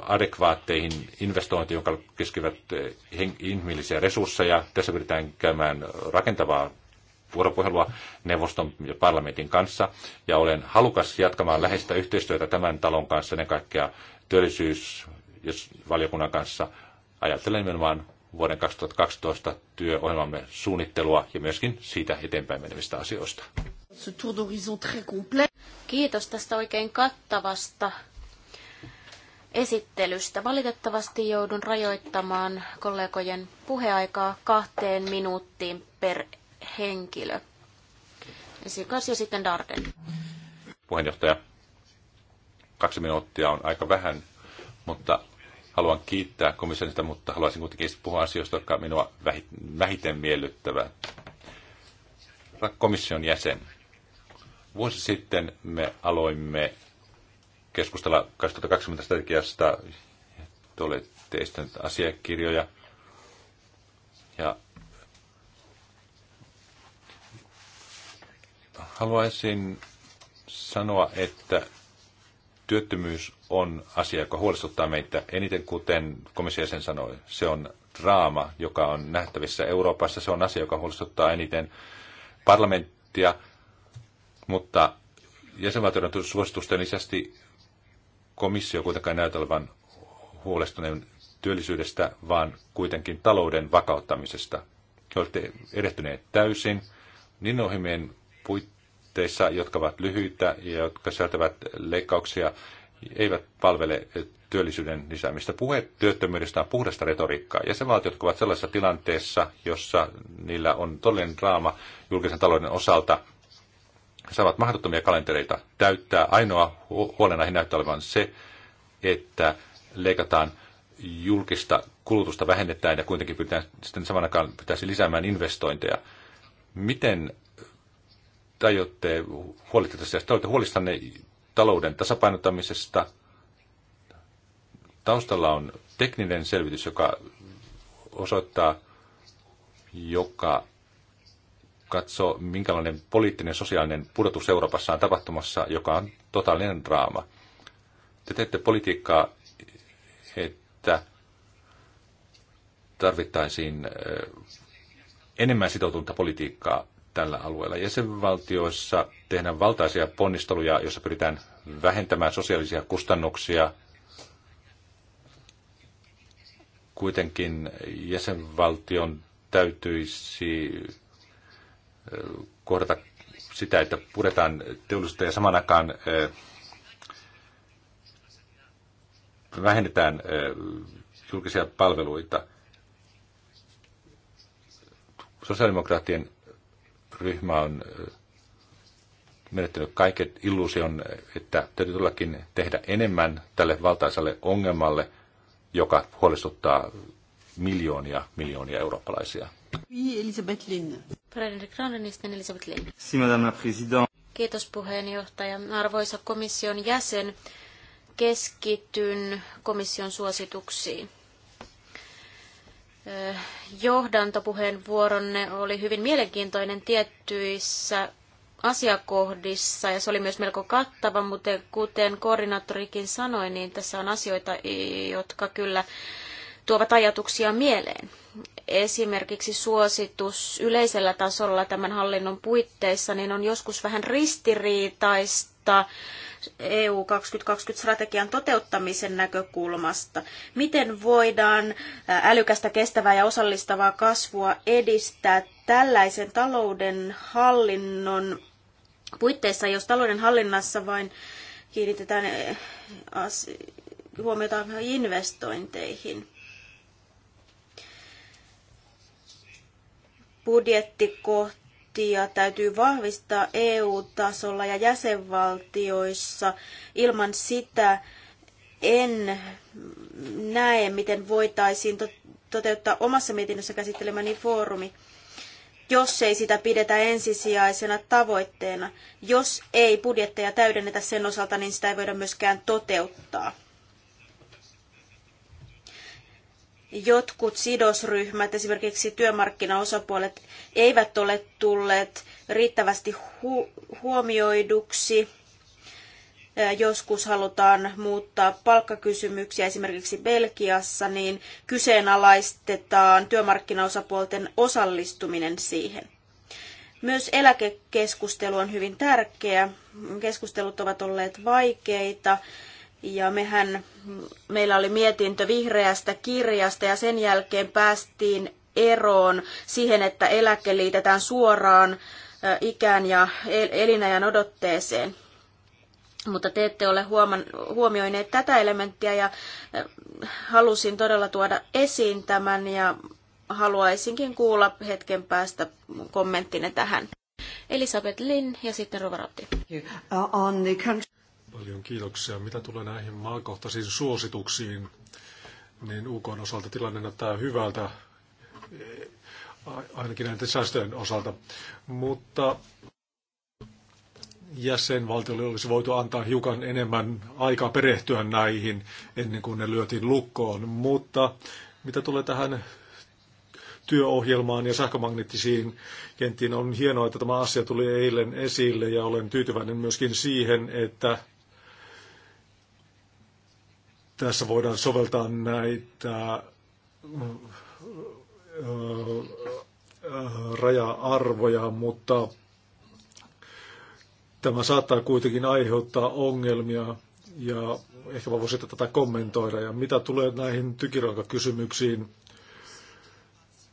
C: adekvaatteihin investointiin, jotka keskivät eh, inhimillisiä resursseja. Tässä pyritään käymään rakentavaa vuoropuhelua neuvoston ja parlamentin kanssa, ja olen halukas jatkamaan läheistä yhteistyötä tämän talon kanssa, ennen kaikkea työllisyys- ja valiokunnan kanssa. Ajattelen nimenomaan vuoden 2012 työohjelmamme suunnittelua ja myöskin siitä eteenpäin menevistä asioista.
A: Kiitos tästä oikein kattavasta esittelystä. Valitettavasti joudun rajoittamaan kollegojen puheaikaa kahteen minuuttiin per henkilö. Esikas ja sitten Darden.
C: Puheenjohtaja, kaksi minuuttia on aika vähän, mutta haluan kiittää komissionista, mutta haluaisin kuitenkin puhua asioista, jotka minua vähiten miellyttävät. Komission jäsen. Vuosi sitten me aloimme keskustella 2020 strategiasta. Te olette esittäneet asiakirjoja. Ja haluaisin sanoa, että työttömyys on asia, joka huolestuttaa meitä eniten, kuten komissio sen sanoi. Se on draama, joka on nähtävissä Euroopassa. Se on asia, joka huolestuttaa eniten parlamenttia, mutta jäsenvaltioiden suositusten lisäksi komissio kuitenkaan näytä olevan huolestuneen työllisyydestä, vaan kuitenkin talouden vakauttamisesta. He olette erehtyneet täysin niin ohjelmien puitteissa, jotka ovat lyhyitä ja jotka sisältävät leikkauksia, eivät palvele työllisyyden lisäämistä. Puhe työttömyydestä on puhdasta retoriikkaa. Jäsenvaltiot jotka ovat sellaisessa tilanteessa, jossa niillä on todellinen draama julkisen talouden osalta, saavat mahdottomia kalentereita täyttää. Ainoa he näyttää olevan se, että leikataan julkista kulutusta vähennetään ja kuitenkin pitää, sitten saman aikaan pitäisi lisäämään investointeja. Miten te huolittaa tästä? Te olette huolissanne talouden tasapainottamisesta. Taustalla on tekninen selvitys, joka osoittaa, joka katsoo, minkälainen poliittinen sosiaalinen pudotus Euroopassa on tapahtumassa, joka on totaalinen draama. Te teette politiikkaa, että tarvittaisiin enemmän sitoutunutta politiikkaa tällä alueella. Jäsenvaltioissa tehdään valtaisia ponnisteluja, joissa pyritään vähentämään sosiaalisia kustannuksia. Kuitenkin jäsenvaltion täytyisi kohdata sitä, että puretaan teollisuutta ja saman aikaan vähennetään julkisia palveluita. Sosiaalidemokraattien ryhmä on menettänyt kaiken illuusion, että täytyy tullakin tehdä enemmän tälle valtaisalle ongelmalle, joka huolestuttaa miljoonia, miljoonia eurooppalaisia.
A: Elisabeth Lynn. Elisabeth
C: Si, madame la
A: Kiitos puheenjohtaja. Arvoisa komission jäsen, keskityn komission suosituksiin. Johdantopuheenvuoronne oli hyvin mielenkiintoinen tiettyissä asiakohdissa ja se oli myös melko kattava, mutta kuten koordinaattorikin sanoi, niin tässä on asioita, jotka kyllä tuovat ajatuksia mieleen esimerkiksi suositus yleisellä tasolla tämän hallinnon puitteissa, niin on joskus vähän ristiriitaista EU 2020-strategian toteuttamisen näkökulmasta. Miten voidaan älykästä, kestävää ja osallistavaa kasvua edistää tällaisen talouden hallinnon puitteissa, jos talouden hallinnassa vain kiinnitetään huomiota investointeihin? budjettikohtia täytyy vahvistaa EU-tasolla ja jäsenvaltioissa. Ilman sitä en näe, miten voitaisiin toteuttaa omassa mietinnössä käsittelemäni foorumi jos ei sitä pidetä ensisijaisena tavoitteena. Jos ei budjetteja täydennetä sen osalta, niin sitä ei voida myöskään toteuttaa. jotkut sidosryhmät, esimerkiksi työmarkkinaosapuolet, eivät ole tulleet riittävästi hu- huomioiduksi. Joskus halutaan muuttaa palkkakysymyksiä esimerkiksi Belgiassa, niin kyseenalaistetaan työmarkkinaosapuolten osallistuminen siihen. Myös eläkekeskustelu on hyvin tärkeä. Keskustelut ovat olleet vaikeita ja mehän, meillä oli mietintö vihreästä kirjasta ja sen jälkeen päästiin eroon siihen, että eläke liitetään suoraan ikään ja elinajan odotteeseen. Mutta te ette ole huoman, huomioineet tätä elementtiä ja halusin todella tuoda esiin tämän ja haluaisinkin kuulla hetken päästä kommenttine tähän. Elisabeth Lin ja sitten Rovarotti.
B: Paljon kiitoksia. Mitä tulee näihin maakohtaisiin suosituksiin, niin UK on osalta tilanne näyttää hyvältä, eh, ainakin näiden säästöjen osalta. Mutta jäsenvaltiolle olisi voitu antaa hiukan enemmän aikaa perehtyä näihin ennen kuin ne lyötiin lukkoon. Mutta mitä tulee tähän työohjelmaan ja sähkömagneettisiin kenttiin, on hienoa, että tämä asia tuli eilen esille ja olen tyytyväinen myöskin siihen, että tässä voidaan soveltaa näitä äh, äh, raja-arvoja, mutta tämä saattaa kuitenkin aiheuttaa ongelmia ja ehkä mä voisin tätä kommentoida. Ja mitä tulee näihin tykiraukakysymyksiin,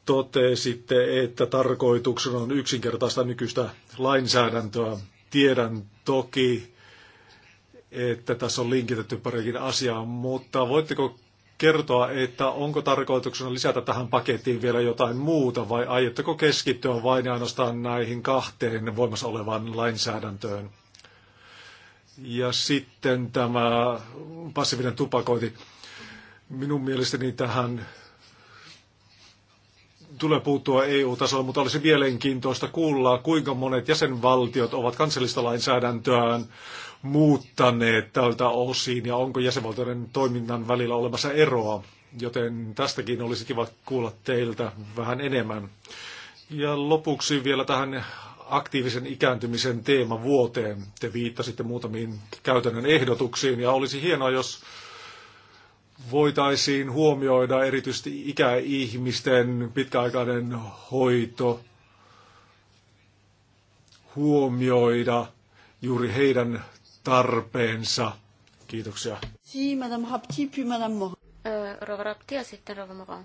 B: totesitte, että tarkoituksena on yksinkertaista nykyistä lainsäädäntöä. Tiedän toki, että tässä on linkitetty parikin asiaa, mutta voitteko kertoa, että onko tarkoituksena lisätä tähän pakettiin vielä jotain muuta vai aiotteko keskittyä vain ainoastaan näihin kahteen voimassa olevaan lainsäädäntöön? Ja sitten tämä passiivinen tupakointi. Minun mielestäni tähän tulee puuttua EU-tasolla, mutta olisi mielenkiintoista kuulla, kuinka monet jäsenvaltiot ovat kansallista lainsäädäntöään muuttaneet tältä osin ja onko jäsenvaltioiden toiminnan välillä olemassa eroa, joten tästäkin olisi kiva kuulla teiltä vähän enemmän. Ja lopuksi vielä tähän aktiivisen ikääntymisen teema vuoteen. Te viittasitte muutamiin käytännön ehdotuksiin ja olisi hienoa, jos voitaisiin huomioida erityisesti ikäihmisten pitkäaikainen hoito, huomioida juuri heidän tarpeensa. Kiitoksia.
A: Si, Madame Rapti, puis Madame Morin. Rova Rapti ja sitten Rova Morin.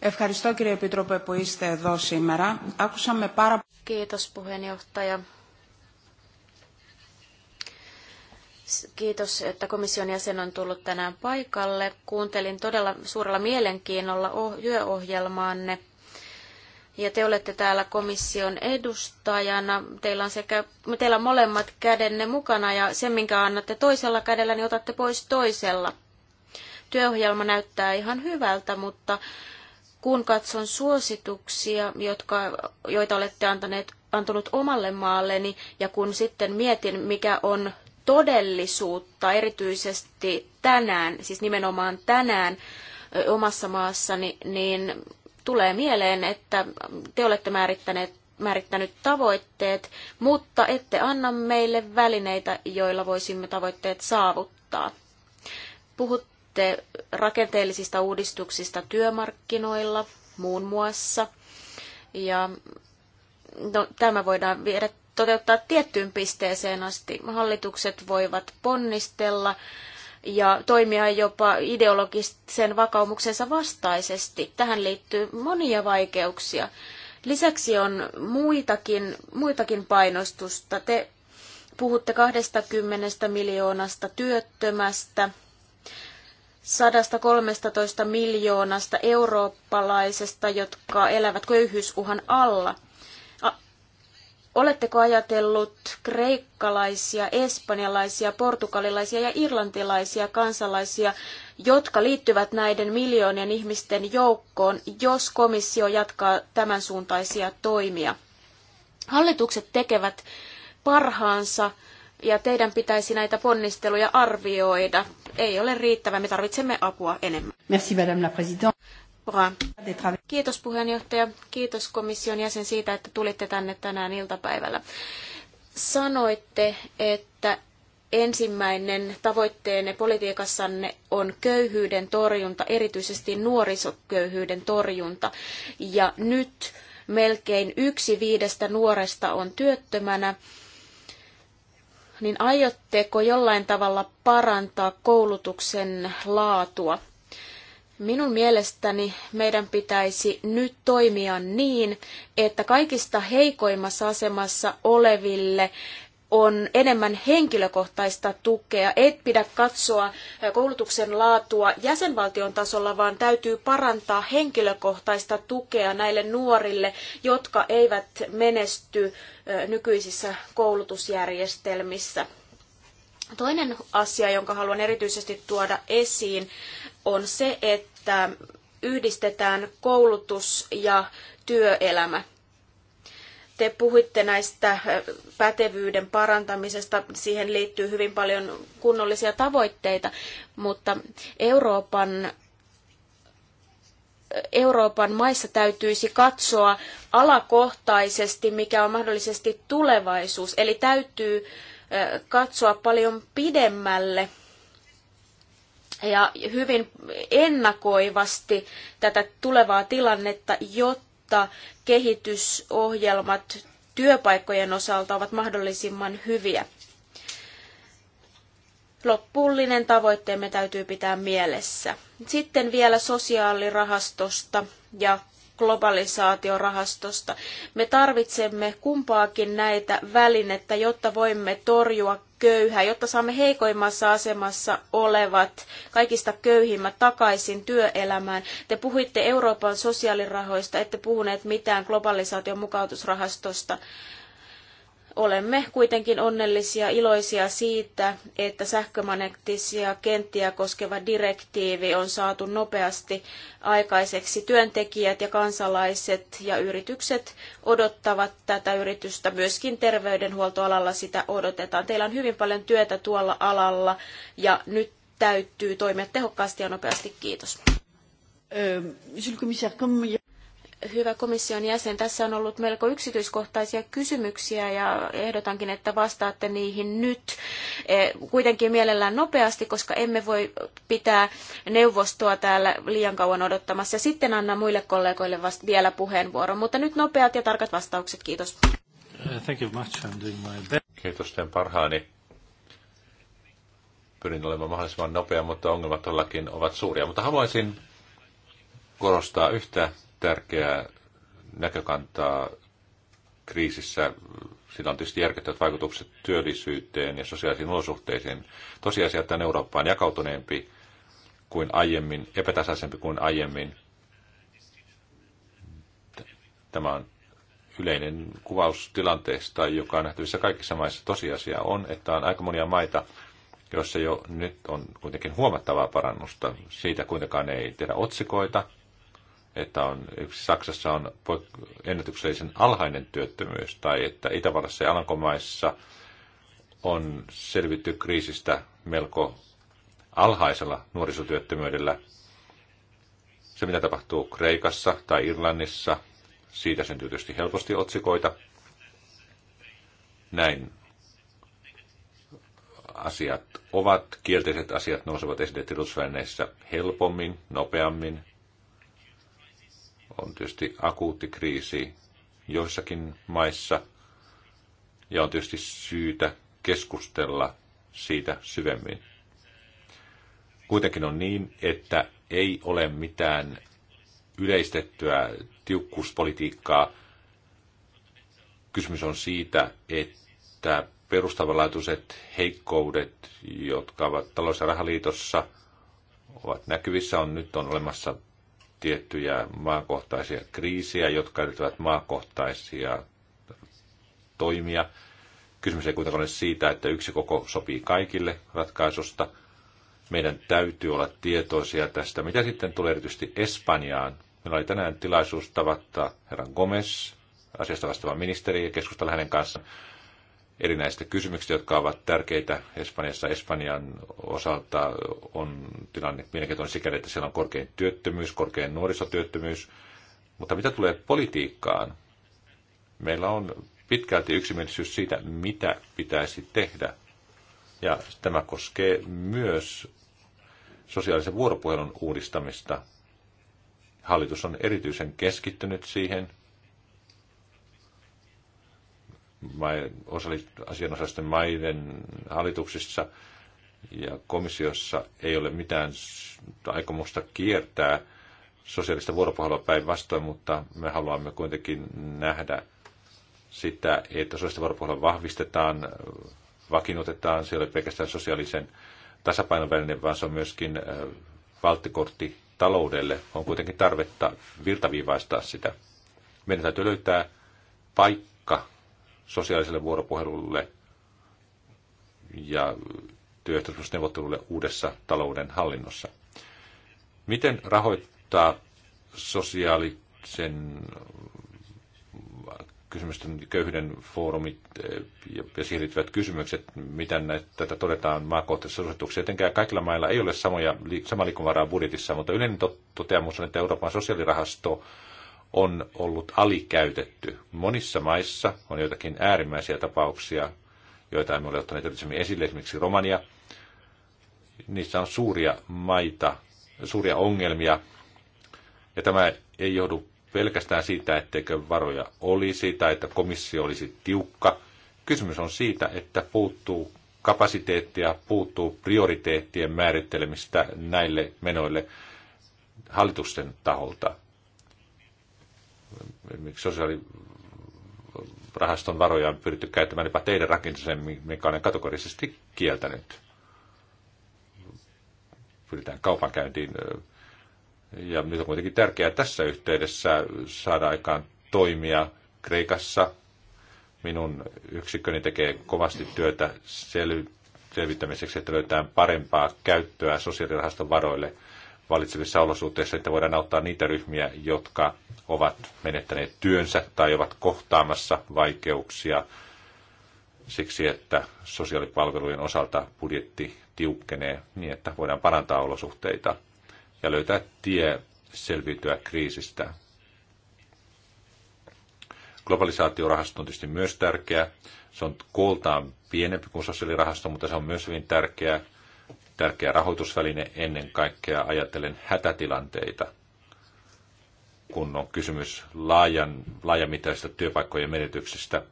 A: Ευχαριστώ κύριε Επίτροπε που είστε εδώ σήμερα. Άκουσα με πάρα Kiitos puheenjohtaja. Kiitos, että komission jäsen on tullut tänään paikalle. Kuuntelin todella suurella mielenkiinnolla työohjelmaanne. Ja te olette täällä komission edustajana. Teillä on, sekä, teillä on molemmat kädenne mukana ja sen, minkä annatte toisella kädellä, niin otatte pois toisella. Työohjelma näyttää ihan hyvältä, mutta kun katson suosituksia, jotka, joita olette antaneet, antanut omalle maalleni, ja kun sitten mietin, mikä on todellisuutta, erityisesti tänään, siis nimenomaan tänään omassa maassani, niin tulee mieleen, että te olette määrittäneet määrittänyt tavoitteet, mutta ette anna meille välineitä, joilla voisimme tavoitteet saavuttaa. Puhutte rakenteellisista uudistuksista työmarkkinoilla muun muassa, ja no, tämä voidaan viedä toteuttaa tiettyyn pisteeseen asti. Hallitukset voivat ponnistella ja toimia jopa ideologisen vakaumuksensa vastaisesti. Tähän liittyy monia vaikeuksia. Lisäksi on muitakin, muitakin painostusta. Te puhutte 20 miljoonasta työttömästä, 113 miljoonasta eurooppalaisesta, jotka elävät köyhyysuhan alla. Oletteko ajatellut kreikkalaisia, espanjalaisia, portugalilaisia ja irlantilaisia kansalaisia, jotka liittyvät näiden miljoonien ihmisten joukkoon, jos komissio jatkaa tämän suuntaisia toimia? Hallitukset tekevät parhaansa ja teidän pitäisi näitä ponnisteluja arvioida. Ei ole riittävä, me tarvitsemme apua enemmän.
C: Merci, madame la présidente.
A: Kiitos puheenjohtaja, kiitos komission jäsen siitä, että tulitte tänne tänään iltapäivällä. Sanoitte, että ensimmäinen tavoitteenne politiikassanne on köyhyyden torjunta, erityisesti nuorisoköyhyyden torjunta. Ja nyt melkein yksi viidestä nuoresta on työttömänä. Niin aiotteko jollain tavalla parantaa koulutuksen laatua? Minun mielestäni meidän pitäisi nyt toimia niin, että kaikista heikoimmassa asemassa oleville on enemmän henkilökohtaista tukea. Ei pidä katsoa koulutuksen laatua jäsenvaltion tasolla, vaan täytyy parantaa henkilökohtaista tukea näille nuorille, jotka eivät menesty nykyisissä koulutusjärjestelmissä. Toinen asia, jonka haluan erityisesti tuoda esiin, on se, että yhdistetään koulutus ja työelämä. Te puhuitte näistä pätevyyden parantamisesta, siihen liittyy hyvin paljon kunnollisia tavoitteita, mutta Euroopan Euroopan maissa täytyisi katsoa alakohtaisesti, mikä on mahdollisesti tulevaisuus. Eli täytyy katsoa paljon pidemmälle ja hyvin ennakoivasti tätä tulevaa tilannetta, jotta kehitysohjelmat työpaikkojen osalta ovat mahdollisimman hyviä. Loppullinen tavoitteemme täytyy pitää mielessä. Sitten vielä sosiaalirahastosta ja globalisaatiorahastosta. Me tarvitsemme kumpaakin näitä välinettä, jotta voimme torjua köyhää, jotta saamme heikoimmassa asemassa olevat, kaikista köyhimmät takaisin työelämään. Te puhuitte Euroopan sosiaalirahoista, ette puhuneet mitään globalisaation mukautusrahastosta. Olemme kuitenkin onnellisia iloisia siitä, että sähkömagneettisia kenttiä koskeva direktiivi on saatu nopeasti aikaiseksi. Työntekijät ja kansalaiset ja yritykset odottavat tätä yritystä. Myöskin terveydenhuoltoalalla sitä odotetaan. Teillä on hyvin paljon työtä tuolla alalla ja nyt täytyy toimia tehokkaasti ja nopeasti. Kiitos. Euh, Hyvä komission jäsen, tässä on ollut melko yksityiskohtaisia kysymyksiä ja ehdotankin, että vastaatte niihin nyt. E, kuitenkin mielellään nopeasti, koska emme voi pitää neuvostoa täällä liian kauan odottamassa. Sitten anna muille kollegoille vast- vielä puheenvuoron, mutta nyt nopeat ja tarkat vastaukset. Kiitos.
C: Thank you much. I'm doing my best. Kiitos teen parhaani. Pyrin olemaan mahdollisimman nopea, mutta ongelmat todellakin ovat suuria. Mutta haluaisin korostaa yhtä tärkeää näkökantaa kriisissä. Sillä on tietysti järkyttävät vaikutukset työllisyyteen ja sosiaalisiin olosuhteisiin. Tosiasia, että Eurooppa on jakautuneempi kuin aiemmin, epätasaisempi kuin aiemmin. Tämä on yleinen kuvaus tilanteesta, joka on nähtävissä kaikissa maissa. Tosiasia on, että on aika monia maita, joissa jo nyt on kuitenkin huomattavaa parannusta. Siitä kuitenkaan ei tehdä otsikoita, että on, Saksassa on ennätyksellisen alhainen työttömyys, tai että Itävallassa ja Alankomaissa on selvitty kriisistä melko alhaisella nuorisotyöttömyydellä. Se, mitä tapahtuu Kreikassa tai Irlannissa, siitä syntyy tietysti helposti otsikoita. Näin asiat ovat, kielteiset asiat nousevat esille tiedotusvälineissä helpommin, nopeammin, on tietysti akuutti kriisi joissakin maissa ja on tietysti syytä keskustella siitä syvemmin. Kuitenkin on niin, että ei ole mitään yleistettyä tiukkuuspolitiikkaa. Kysymys on siitä, että perustavanlaatuiset heikkoudet, jotka ovat talous- ja rahaliitossa, ovat näkyvissä. On, nyt on olemassa tiettyjä maakohtaisia kriisejä, jotka edellyttävät maakohtaisia toimia. Kysymys ei kuitenkaan ole siitä, että yksi koko sopii kaikille ratkaisusta. Meidän täytyy olla tietoisia tästä. Mitä sitten tulee erityisesti Espanjaan? Meillä oli tänään tilaisuus tavata herran Gomez, asiasta vastaava ministeri, ja keskustella hänen kanssaan erinäistä kysymyksistä, jotka ovat tärkeitä Espanjassa. Espanjan osalta on tilanne mielenkiintoinen sikäli, että siellä on korkein työttömyys, korkein nuorisotyöttömyys. Mutta mitä tulee politiikkaan, meillä on pitkälti yksimielisyys siitä, mitä pitäisi tehdä. Ja tämä koskee myös sosiaalisen vuoropuhelun uudistamista. Hallitus on erityisen keskittynyt siihen – asianosaisten maiden hallituksissa ja komissiossa ei ole mitään aikomusta kiertää sosiaalista vuoropuhelua päinvastoin, mutta me haluamme kuitenkin nähdä sitä, että sosiaalista vuoropuhelua vahvistetaan, vakiinnutetaan. Se ei ole pelkästään sosiaalisen tasapainon väline, vaan se on myöskin valttikortti taloudelle. On kuitenkin tarvetta virtaviivaistaa sitä. Meidän täytyy löytää paikka sosiaaliselle vuoropuhelulle ja työehtosopimusneuvottelulle uudessa talouden hallinnossa. Miten rahoittaa sosiaalisen äh, kysymysten köyhyyden foorumit äh, ja siihen liittyvät kysymykset, miten näitä, tätä todetaan maakohtaisessa suosituksissa. Etenkään kaikilla mailla ei ole samoja, sama liikkumavaraa budjetissa, mutta yleinen toteamus on, että Euroopan sosiaalirahasto on ollut alikäytetty. Monissa maissa on joitakin äärimmäisiä tapauksia, joita emme ole ottaneet erityisemmin esille, esimerkiksi Romania. Niissä on suuria maita, suuria ongelmia, ja tämä ei johdu pelkästään siitä, etteikö varoja olisi tai että komissio olisi tiukka. Kysymys on siitä, että puuttuu kapasiteettia, puuttuu prioriteettien määrittelemistä näille menoille hallitusten taholta sosiaalirahaston varoja on pyritty käyttämään jopa teidän rakennukseen, mikä olen kategorisesti kieltänyt. Pyritään kaupankäyntiin. Ja nyt on kuitenkin tärkeää tässä yhteydessä saada aikaan toimia Kreikassa. Minun yksikköni tekee kovasti työtä selvittämiseksi, että löytää parempaa käyttöä sosiaalirahaston varoille – valitsevissa olosuhteissa, että voidaan auttaa niitä ryhmiä, jotka ovat menettäneet työnsä tai ovat kohtaamassa vaikeuksia siksi, että sosiaalipalvelujen osalta budjetti tiukkenee niin, että voidaan parantaa olosuhteita ja löytää tie selviytyä kriisistä. Globalisaatiorahasto on tietysti myös tärkeä. Se on kooltaan pienempi kuin sosiaalirahasto, mutta se on myös hyvin tärkeä tärkeä rahoitusväline ennen kaikkea ajatellen hätätilanteita, kun on kysymys laajan, laajamittaisista työpaikkojen menetyksistä.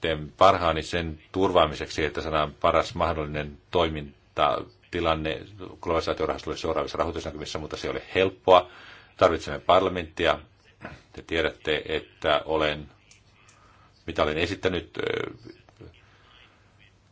C: Teen parhaani sen turvaamiseksi, että saadaan paras mahdollinen toimintatilanne globalisaatiorahastolle seuraavissa rahoitusnäkymissä, mutta se ei ole helppoa. Tarvitsemme parlamenttia. Te tiedätte, että olen, mitä olen esittänyt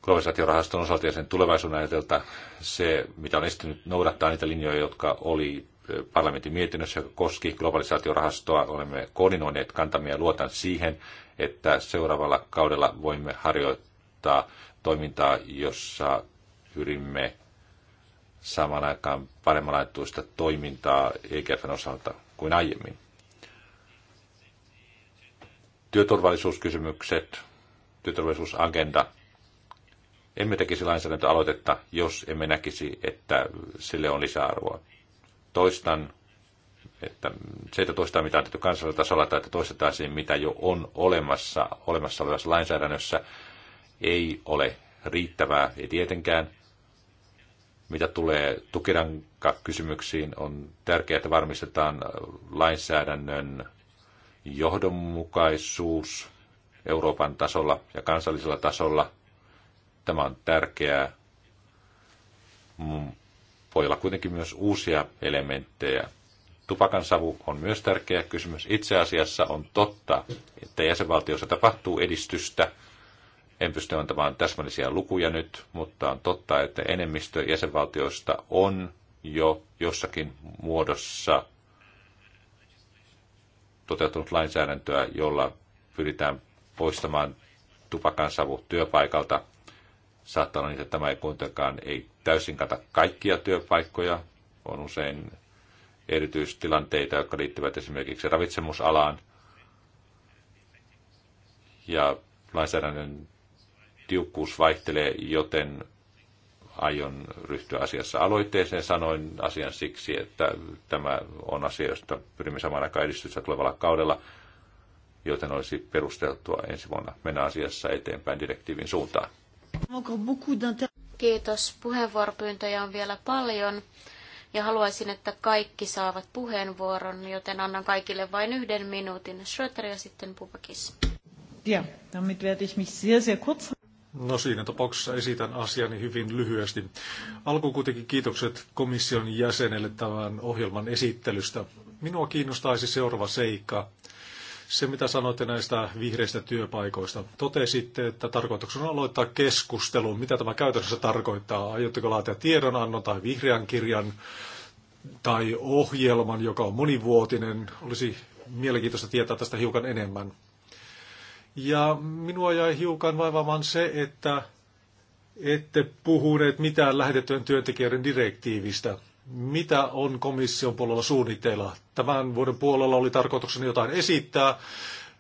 C: globalisaatiorahaston osalta ja sen tulevaisuuden ajatelta se, mitä on esittänyt, noudattaa niitä linjoja, jotka oli parlamentin mietinnössä, joka koski globalisaatiorahastoa. Olemme koordinoineet kantamia ja luotan siihen, että seuraavalla kaudella voimme harjoittaa toimintaa, jossa pyrimme samaan aikaan paremmanlaatuista toimintaa EGFn osalta kuin aiemmin. Työturvallisuuskysymykset, työturvallisuusagenda – emme tekisi lainsäädäntöaloitetta, jos emme näkisi, että sille on lisäarvoa. Toistan, että se, että toistaa mitä on tehty kansallisella tasolla tai että siihen, mitä jo on olemassa, olemassa olevassa lainsäädännössä, ei ole riittävää, ei tietenkään. Mitä tulee tukiranka-kysymyksiin, on tärkeää, että varmistetaan lainsäädännön johdonmukaisuus Euroopan tasolla ja kansallisella tasolla. Tämä on tärkeää. Mm, voi olla kuitenkin myös uusia elementtejä. Tupakan savu on myös tärkeä kysymys. Itse asiassa on totta, että jäsenvaltiossa tapahtuu edistystä. En pysty antamaan täsmällisiä lukuja nyt, mutta on totta, että enemmistö jäsenvaltioista on jo jossakin muodossa toteutunut lainsäädäntöä, jolla pyritään poistamaan tupakansavu työpaikalta. Saattaa olla niin, että tämä ei kuitenkaan ei täysin kata kaikkia työpaikkoja. On usein erityistilanteita, jotka liittyvät esimerkiksi ravitsemusalaan. Ja lainsäädännön tiukkuus vaihtelee, joten aion ryhtyä asiassa aloitteeseen. Sanoin asian siksi, että tämä on asia, josta pyrimme samaan aikaan edistyssä tulevalla kaudella, joten olisi perusteltua ensi vuonna mennä asiassa eteenpäin direktiivin suuntaan.
A: Kiitos. Puheenvuoropyyntöjä on vielä paljon ja haluaisin, että kaikki saavat puheenvuoron, joten annan kaikille vain yhden minuutin. Schröter ja sitten Pupakis. Ja, damit werde ich mich sehr, sehr kurz...
B: No siinä tapauksessa esitän asiani hyvin lyhyesti. Alkuun kuitenkin kiitokset komission jäsenelle tämän ohjelman esittelystä. Minua kiinnostaisi seuraava seikka. Se, mitä sanoitte näistä vihreistä työpaikoista, totesitte, että tarkoituksena on aloittaa keskustelu. Mitä tämä käytännössä tarkoittaa? Aiotteko laatia tiedonannon tai vihreän kirjan tai ohjelman, joka on monivuotinen? Olisi mielenkiintoista tietää tästä hiukan enemmän. Ja minua jäi hiukan vaivaamaan se, että ette puhuneet mitään lähetettyjen työntekijöiden direktiivistä – mitä on komission puolella suunnitteilla. Tämän vuoden puolella oli tarkoituksena jotain esittää,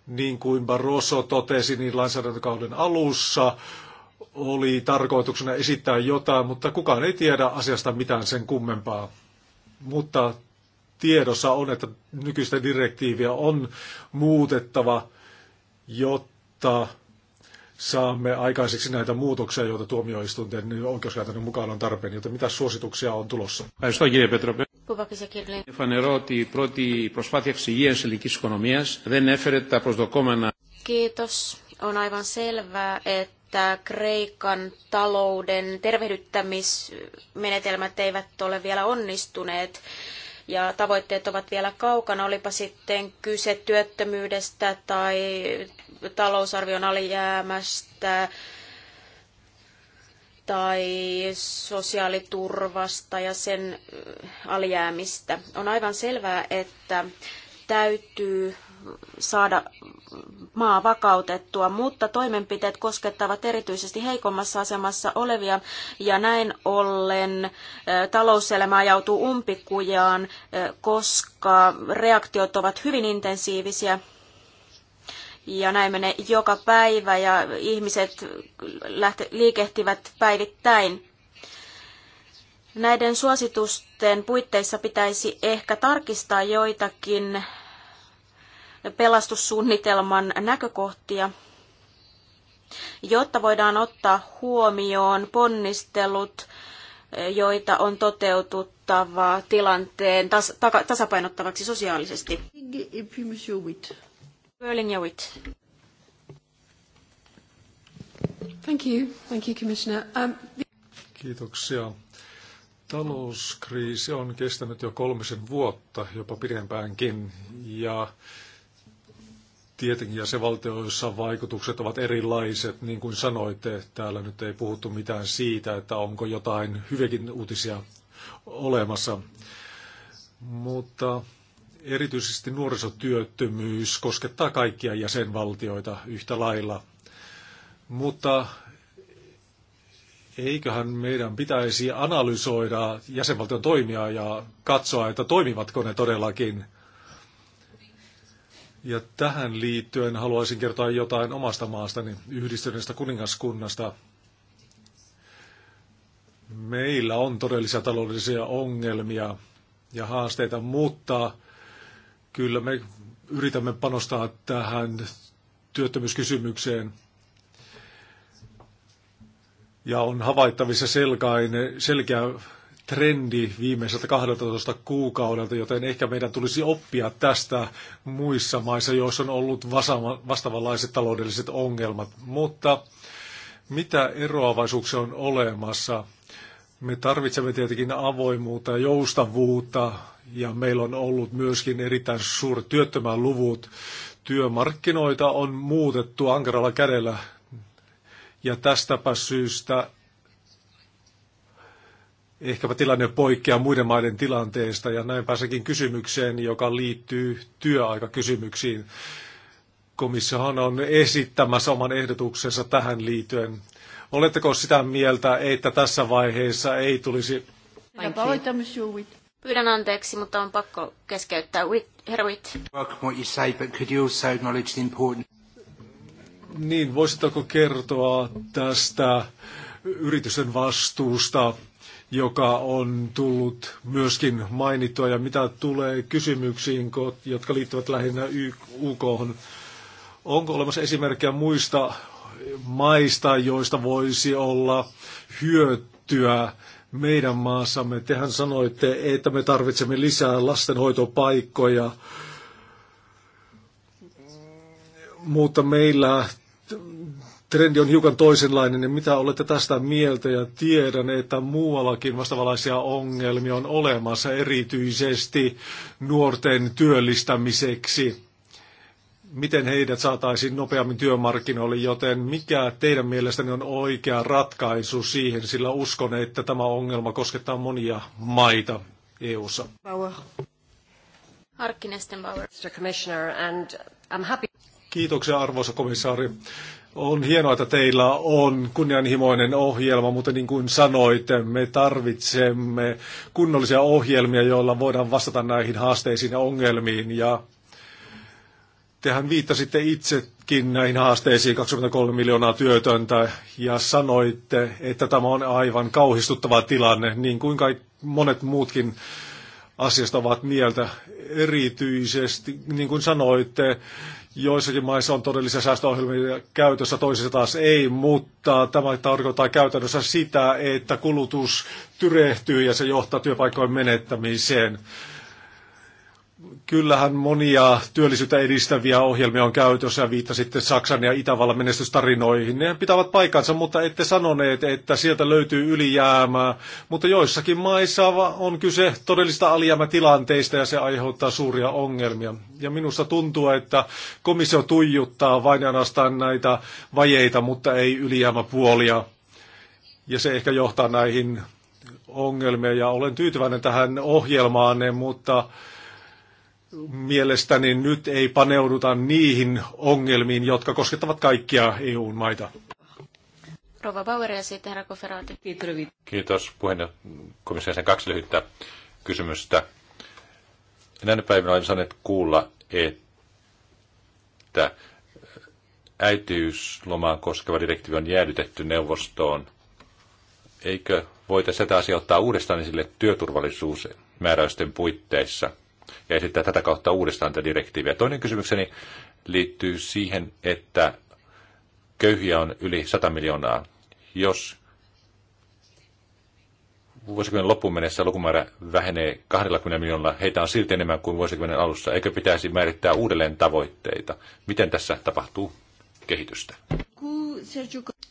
B: niin kuin Barroso totesi, niin lainsäädäntökauden alussa oli tarkoituksena esittää jotain, mutta kukaan ei tiedä asiasta mitään sen kummempaa. Mutta tiedossa on, että nykyistä direktiiviä on muutettava, jotta saamme aikaiseksi näitä muutoksia, joita tuomioistuinten oikeuskäytännön mukaan on tarpeen, joten mitä suosituksia on tulossa?
A: Kiitos. On aivan selvää, että Kreikan talouden tervehdyttämismenetelmät eivät ole vielä onnistuneet ja tavoitteet ovat vielä kaukana, olipa sitten kyse työttömyydestä tai talousarvion alijäämästä tai sosiaaliturvasta ja sen alijäämistä. On aivan selvää, että täytyy saada maa vakautettua, mutta toimenpiteet koskettavat erityisesti heikommassa asemassa olevia ja näin ollen talouselämä ajautuu umpikujaan, koska reaktiot ovat hyvin intensiivisiä ja näin menee joka päivä ja ihmiset lähte- liikehtivät päivittäin. Näiden suositusten puitteissa pitäisi ehkä tarkistaa joitakin pelastussuunnitelman näkökohtia, jotta voidaan ottaa huomioon ponnistelut, joita on toteututtava tilanteen tas- taka- tasapainottavaksi sosiaalisesti. Berlin ja Witt.
C: Thank you. Thank you, Commissioner. Um...
B: Kiitoksia. Talouskriisi on kestänyt jo kolmisen vuotta, jopa pidempäänkin, ja Tietenkin jäsenvaltioissa vaikutukset ovat erilaiset, niin kuin sanoitte. Täällä nyt ei puhuttu mitään siitä, että onko jotain hyvinkin uutisia olemassa. Mutta erityisesti nuorisotyöttömyys koskettaa kaikkia jäsenvaltioita yhtä lailla. Mutta eiköhän meidän pitäisi analysoida jäsenvaltion toimia ja katsoa, että toimivatko ne todellakin – ja tähän liittyen haluaisin kertoa jotain omasta maastani, yhdistyneestä kuningaskunnasta. Meillä on todellisia taloudellisia ongelmia ja haasteita, mutta kyllä me yritämme panostaa tähän työttömyyskysymykseen. Ja on havaittavissa selkäinen selkeä trendi viimeiseltä 12 kuukaudelta, joten ehkä meidän tulisi oppia tästä muissa maissa, joissa on ollut vastaavanlaiset taloudelliset ongelmat. Mutta mitä eroavaisuuksia on olemassa? Me tarvitsemme tietenkin avoimuutta ja joustavuutta, ja meillä on ollut myöskin erittäin suuret työttömän luvut. Työmarkkinoita on muutettu ankaralla kädellä, ja tästäpä syystä ehkäpä tilanne poikkeaa muiden maiden tilanteesta ja näin pääsekin kysymykseen, joka liittyy työaikakysymyksiin. Komissiohan on esittämässä oman ehdotuksensa tähän liittyen. Oletteko sitä mieltä, että tässä vaiheessa ei tulisi...
A: Pyydän anteeksi, mutta on pakko keskeyttää. Wit, herra Witt.
B: Niin, voisitteko kertoa tästä yritysten vastuusta joka on tullut myöskin mainittua ja mitä tulee kysymyksiin, jotka liittyvät lähinnä UK. -hon. Onko olemassa esimerkkejä muista maista, joista voisi olla hyötyä meidän maassamme? Tehän sanoitte, että me tarvitsemme lisää lastenhoitopaikkoja mutta meillä trendi on hiukan toisenlainen, niin mitä olette tästä mieltä, ja tiedän, että muuallakin vastavalaisia ongelmia on olemassa, erityisesti nuorten työllistämiseksi. Miten heidät saataisiin nopeammin työmarkkinoille, joten mikä teidän mielestänne on oikea ratkaisu siihen, sillä uskon, että tämä ongelma koskettaa monia maita EU-ssa. Kiitoksia arvoisa komissaari. On hienoa, että teillä on kunnianhimoinen ohjelma, mutta niin kuin sanoitte, me tarvitsemme kunnollisia ohjelmia, joilla voidaan vastata näihin haasteisiin ja ongelmiin. Ja tehän viittasitte itsekin näihin haasteisiin, 23 miljoonaa työtöntä, ja sanoitte, että tämä on aivan kauhistuttava tilanne, niin kuin kaikki monet muutkin asiasta ovat mieltä. Erityisesti, niin kuin sanoitte, joissakin maissa on todellisia säästöohjelmia käytössä, toisissa taas ei, mutta tämä tarkoittaa käytännössä sitä, että kulutus tyrehtyy ja se johtaa työpaikkojen menettämiseen. Kyllähän monia työllisyyttä edistäviä ohjelmia on käytössä, viittasitte Saksan ja Itävallan menestystarinoihin. Ne pitävät paikansa, mutta ette sanoneet, että sieltä löytyy ylijäämää. Mutta joissakin maissa on kyse todellista alijäämätilanteista ja se aiheuttaa suuria ongelmia. Ja minusta tuntuu, että komissio tuijuttaa vain ainoastaan näitä vajeita, mutta ei ylijäämäpuolia. Ja se ehkä johtaa näihin ongelmia ja olen tyytyväinen tähän ohjelmaan, mutta mielestäni nyt ei paneuduta niihin ongelmiin, jotka koskettavat kaikkia EU-maita.
A: Rova Bauer ja sitten herra Koferaati.
C: Kiitos puheenjohtaja sen kaksi lyhyttä kysymystä. Näinä päivinä olen saanut kuulla, että äitiyslomaan koskeva direktiivi on jäädytetty neuvostoon. Eikö voitaisiin tätä asiaa ottaa uudestaan esille työturvallisuusmääräysten puitteissa? ja esittää tätä kautta uudestaan tätä direktiiviä. Toinen kysymykseni liittyy siihen, että köyhiä on yli 100 miljoonaa. Jos vuosikymmenen loppuun mennessä lukumäärä vähenee 20 miljoonalla, heitä on silti enemmän kuin vuosikymmenen alussa. Eikö pitäisi määrittää uudelleen tavoitteita? Miten tässä tapahtuu kehitystä?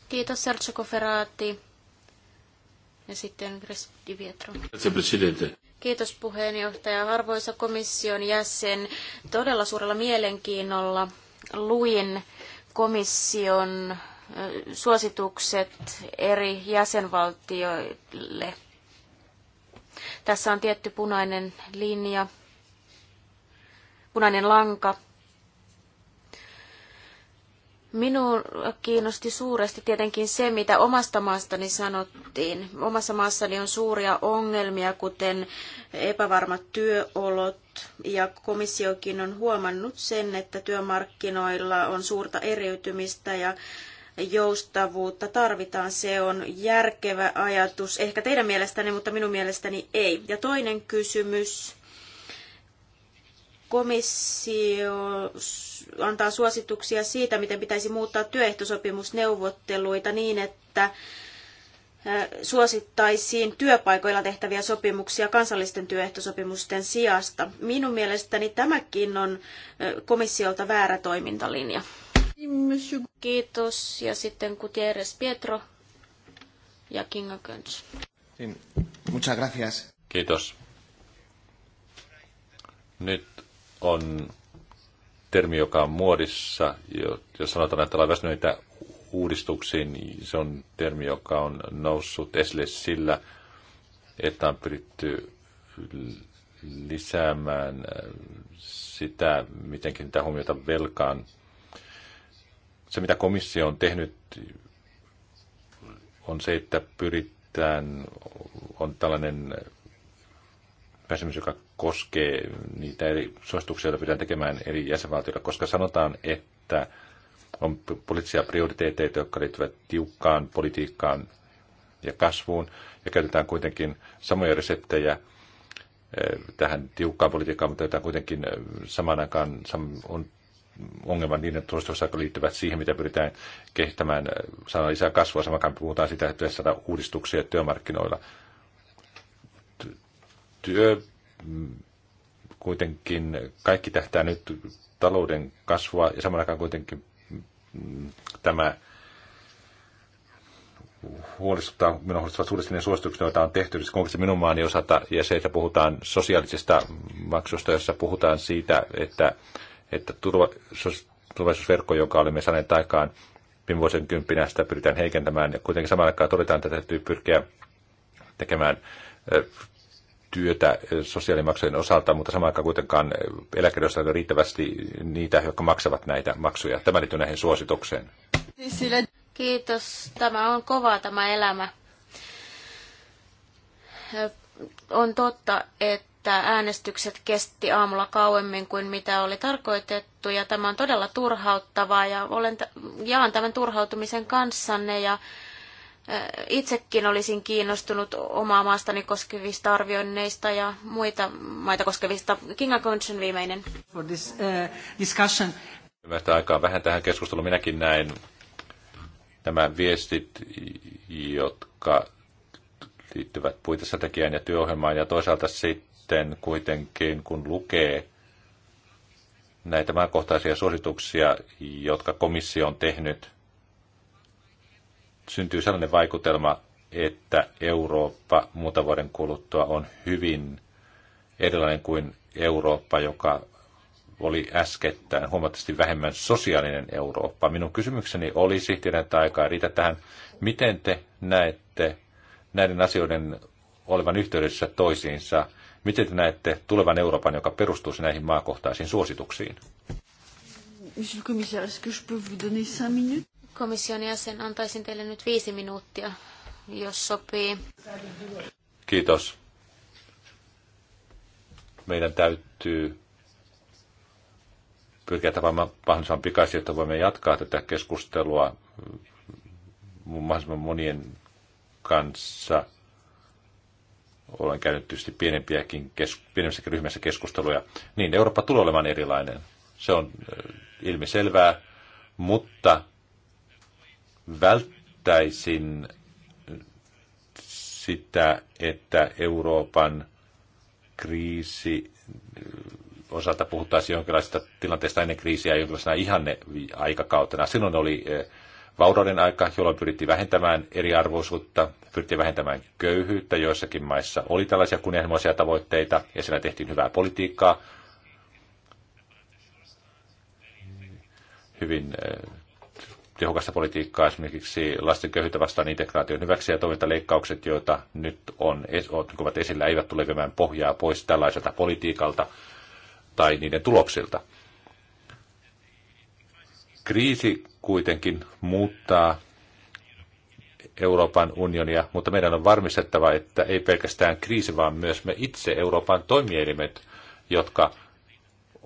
A: Kiitos Sergio Ferrati. Ja sitten Di Vietro. Kiitos puheenjohtaja. Arvoisa komission jäsen, todella suurella mielenkiinnolla luin komission suositukset eri jäsenvaltioille. Tässä on tietty punainen linja, punainen lanka – Minun kiinnosti suuresti tietenkin se, mitä omasta maastani sanottiin. Omassa maassani on suuria ongelmia, kuten epävarmat työolot, ja komissiokin on huomannut sen, että työmarkkinoilla on suurta eriytymistä ja joustavuutta tarvitaan. Se on järkevä ajatus, ehkä teidän mielestänne, mutta minun mielestäni ei. Ja toinen kysymys komissio antaa suosituksia siitä, miten pitäisi muuttaa työehtosopimusneuvotteluita niin, että suosittaisiin työpaikoilla tehtäviä sopimuksia kansallisten työehtosopimusten sijasta. Minun mielestäni tämäkin on komissiolta väärä toimintalinja. Kiitos. Ja sitten Gutierrez Pietro ja Kinga Köns.
C: Muchas gracias. Kiitos. Nyt on termi, joka on muodissa, jos sanotaan, että ollaan väsyneitä uudistuksiin, niin se on termi, joka on noussut esille sillä, että on pyritty lisäämään äh, sitä, miten kiinnittää huomiota velkaan. Se, mitä komissio on tehnyt, on se, että pyritään, on tällainen väsymys, joka koskee niitä eri suosituksia, joita pitää tekemään eri jäsenvaltioilla, koska sanotaan, että on poliittisia prioriteetteja, jotka liittyvät tiukkaan politiikkaan ja kasvuun, ja käytetään kuitenkin samoja reseptejä eh, tähän tiukkaan politiikkaan, mutta käytetään kuitenkin eh, samaan aikaan on ongelman niiden suosituksia, jotka liittyvät siihen, mitä pyritään kehittämään, eh, saada lisää kasvua, samaan puhutaan sitä, että pitäisi saada uudistuksia työmarkkinoilla. Työ kuitenkin kaikki tähtää nyt talouden kasvua ja samalla aikaan kuitenkin mm, tämä huolestuttaa, minun huolestuttaa suuresti ne suositukset, joita on tehty, siis konkreettisesti minun maani osalta, ja se, että puhutaan sosiaalisista maksusta, jossa puhutaan siitä, että, että turva, sos, turvallisuusverkko, joka oli me saaneet aikaan viime vuosien kymppinä, sitä pyritään heikentämään, ja kuitenkin samalla aikaan todetaan, että täytyy pyrkiä tekemään työtä eh, sosiaalimaksujen osalta, mutta samaan aikaan kuitenkaan eh, eläkeläisillä on riittävästi niitä, jotka maksavat näitä maksuja. Tämä liittyy näihin suositukseen.
A: Kiitos. Tämä on kova tämä elämä. Eh, on totta, että äänestykset kesti aamulla kauemmin kuin mitä oli tarkoitettu ja tämä on todella turhauttavaa ja olen jaan tämän turhautumisen kanssanne ja Itsekin olisin kiinnostunut omaa maastani koskevista arvioinneista ja muita maita koskevista. Kinga Konsen viimeinen. For this, uh, discussion.
C: aikaa vähän tähän keskusteluun. Minäkin näin nämä viestit, jotka liittyvät puitestrategiaan ja työohjelmaan ja toisaalta sitten kuitenkin, kun lukee näitä maakohtaisia suosituksia, jotka komissio on tehnyt – syntyy sellainen vaikutelma, että Eurooppa muutaman vuoden kuluttua on hyvin erilainen kuin Eurooppa, joka oli äskettäin huomattavasti vähemmän sosiaalinen Eurooppa. Minun kysymykseni olisi, tiedän, että aikaa riitä tähän, miten te näette näiden asioiden olevan yhteydessä toisiinsa? Miten te näette tulevan Euroopan, joka perustuu näihin maakohtaisiin suosituksiin?
A: Monsieur le commissaire, est-ce que je peux vous donner cinq minutes? Komission jäsen, antaisin teille nyt viisi minuuttia, jos sopii.
C: Kiitos. Meidän täytyy pyrkiä tapaamaan mahdollisimman pikaisesti, jotta voimme jatkaa tätä keskustelua mahdollisimman monien kanssa. Olen käynyt tietysti pienempiäkin, kesk ryhmässä keskusteluja. Niin, Eurooppa tulee olemaan erilainen. Se on ilmiselvää, mutta välttäisin sitä, että Euroopan kriisi osalta puhuttaisiin jonkinlaista tilanteesta ennen kriisiä jonkinlaisena ihanne aikakautena. Silloin oli e, vaurauden aika, jolloin pyrittiin vähentämään eriarvoisuutta, pyrittiin vähentämään köyhyyttä. Joissakin maissa oli tällaisia kunnianhimoisia tavoitteita ja siellä tehtiin hyvää politiikkaa. Hyvin e, tehokasta politiikkaa esimerkiksi lasten köyhyyttä vastaan integraation hyväksi ja toimintaleikkaukset, joita nyt on, ovat esillä, eivät tule viemään pohjaa pois tällaiselta politiikalta tai niiden tuloksilta. Kriisi kuitenkin muuttaa Euroopan unionia, mutta meidän on varmistettava, että ei pelkästään kriisi, vaan myös me itse Euroopan toimielimet, jotka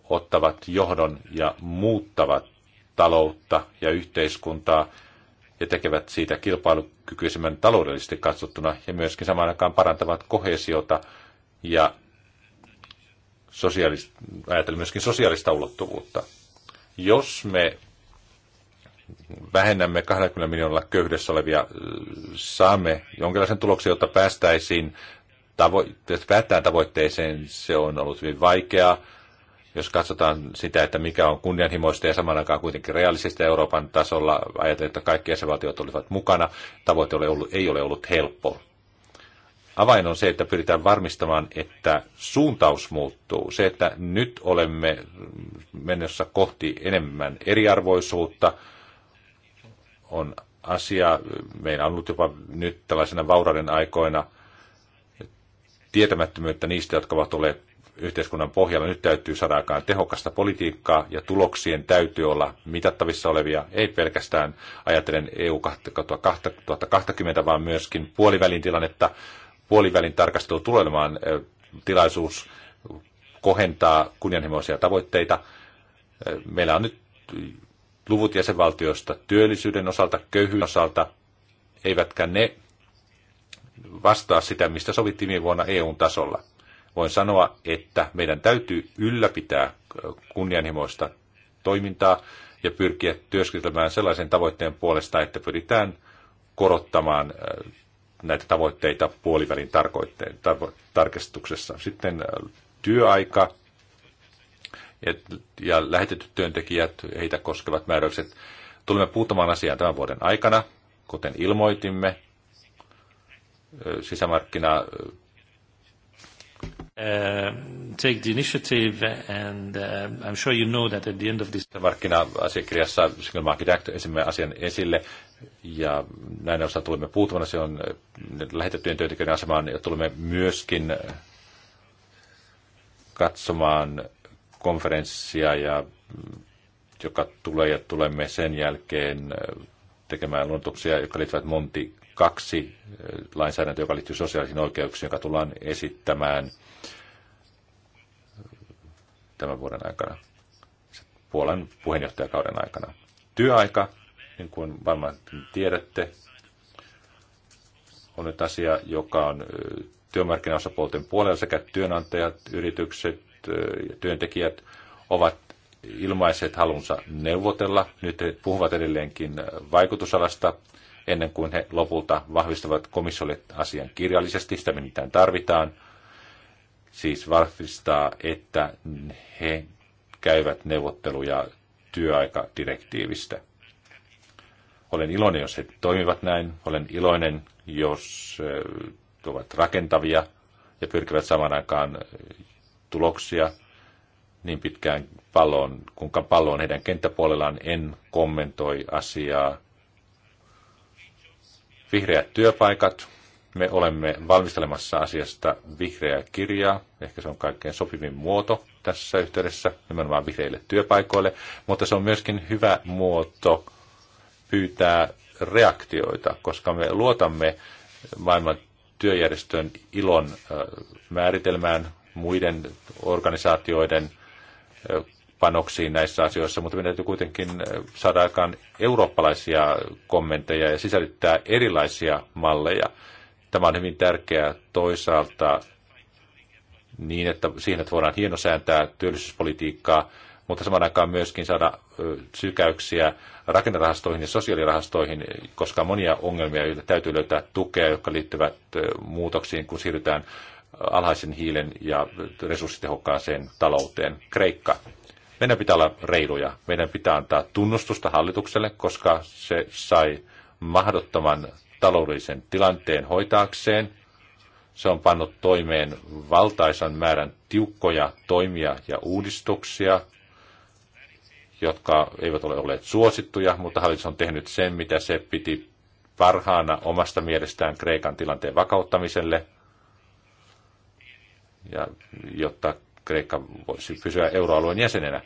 C: ottavat johdon ja muuttavat taloutta ja yhteiskuntaa ja tekevät siitä kilpailukykyisemmän taloudellisesti katsottuna ja myöskin samaan aikaan parantavat kohesiota ja sosiaalista, ajatellen myöskin sosiaalista ulottuvuutta. Jos me vähennämme 20 miljoonalla köyhdessä olevia, äh, saamme jonkinlaisen tuloksen, jotta päästäisiin tavo- päättään tavoitteeseen. Se on ollut hyvin vaikeaa. Jos katsotaan sitä, että mikä on kunnianhimoista ja samaan aikaan kuitenkin realistista Euroopan tasolla, ajatellen, että kaikki jäsenvaltiot olivat mukana, tavoite oli ole ollut, ei ole ollut helppo. Avain on se, että pyritään varmistamaan, että suuntaus muuttuu. Se, että nyt olemme menossa kohti enemmän eriarvoisuutta, on asia, meillä on ollut jopa nyt tällaisena vaurauden aikoina tietämättömyyttä niistä, jotka ovat olleet yhteiskunnan pohjalla. Nyt täytyy saada aikaan tehokasta politiikkaa ja tuloksien täytyy olla mitattavissa olevia, ei pelkästään ajatellen EU 2020, vaan myöskin puolivälin tilannetta. Puolivälin tarkastelu tulee olemaan tilaisuus kohentaa kunnianhimoisia tavoitteita. Meillä on nyt luvut jäsenvaltioista työllisyyden osalta, köyhyyden osalta, eivätkä ne vastaa sitä, mistä sovittiin viime vuonna EUn tasolla voin sanoa, että meidän täytyy ylläpitää kunnianhimoista toimintaa ja pyrkiä työskentelemään sellaisen tavoitteen puolesta, että pyritään korottamaan näitä tavoitteita puolivälin tarkistuksessa. Sitten työaika ja lähetetyt työntekijät, heitä koskevat määräykset. Tulemme puuttumaan asiaan tämän vuoden aikana, kuten ilmoitimme. Sisämarkkina Uh, take the initiative and uh, I'm sure you know that at the end of this... Markkina-asiakirjassa Single Market Act esimme asian esille ja näin osa tulemme puuttumana. Se on lähetettyjen työntekijöiden asemaan ja tulemme myöskin katsomaan konferenssia, ja, joka tulee ja tulemme sen jälkeen tekemään luontoksia, jotka liittyvät Monti kaksi eh, lainsäädäntöä, joka liittyy sosiaalisiin oikeuksiin, joka tullaan esittämään tämän vuoden aikana, Puolan puheenjohtajakauden aikana. Työaika, niin kuin varmaan tiedätte, on nyt asia, joka on eh, työmarkkinaosapuolten puolella sekä työnantajat, yritykset eh, ja työntekijät ovat ilmaiset halunsa neuvotella. Nyt he puhuvat edelleenkin vaikutusalasta, ennen kuin he lopulta vahvistavat komissiolle asian kirjallisesti, sitä mitään tarvitaan. Siis vahvistaa, että he käyvät neuvotteluja työaikadirektiivistä. Olen iloinen, jos he toimivat näin. Olen iloinen, jos ovat rakentavia ja pyrkivät saman aikaan tuloksia niin pitkään palloon, kun pallo on heidän kenttäpuolellaan. En kommentoi asiaa Vihreät työpaikat. Me olemme valmistelemassa asiasta vihreää kirjaa. Ehkä se on kaikkein sopivin muoto tässä yhteydessä, nimenomaan vihreille työpaikoille. Mutta se on myöskin hyvä muoto pyytää reaktioita, koska me luotamme maailman työjärjestön ilon määritelmään muiden organisaatioiden panoksiin näissä asioissa, mutta meidän täytyy kuitenkin äh, saada aikaan eurooppalaisia kommentteja ja sisällyttää erilaisia malleja. Tämä on hyvin tärkeää toisaalta niin, että siihen, että voidaan hienosääntää työllisyyspolitiikkaa, mutta samaan aikaan myöskin saada sykäyksiä rakennerahastoihin ja sosiaalirahastoihin, koska on monia ongelmia, joita täytyy löytää tukea, jotka liittyvät muutoksiin, kun siirrytään alhaisen hiilen ja resurssitehokkaaseen talouteen. Kreikka. Meidän pitää olla reiluja. Meidän pitää antaa tunnustusta hallitukselle, koska se sai mahdottoman taloudellisen tilanteen hoitaakseen. Se on pannut toimeen valtaisan määrän tiukkoja toimia ja uudistuksia, jotka eivät ole olleet suosittuja, mutta hallitus on tehnyt sen, mitä se piti parhaana omasta mielestään Kreikan tilanteen vakauttamiselle, ja jotta Kreikka voisi pysyä euroalueen jäsenenä.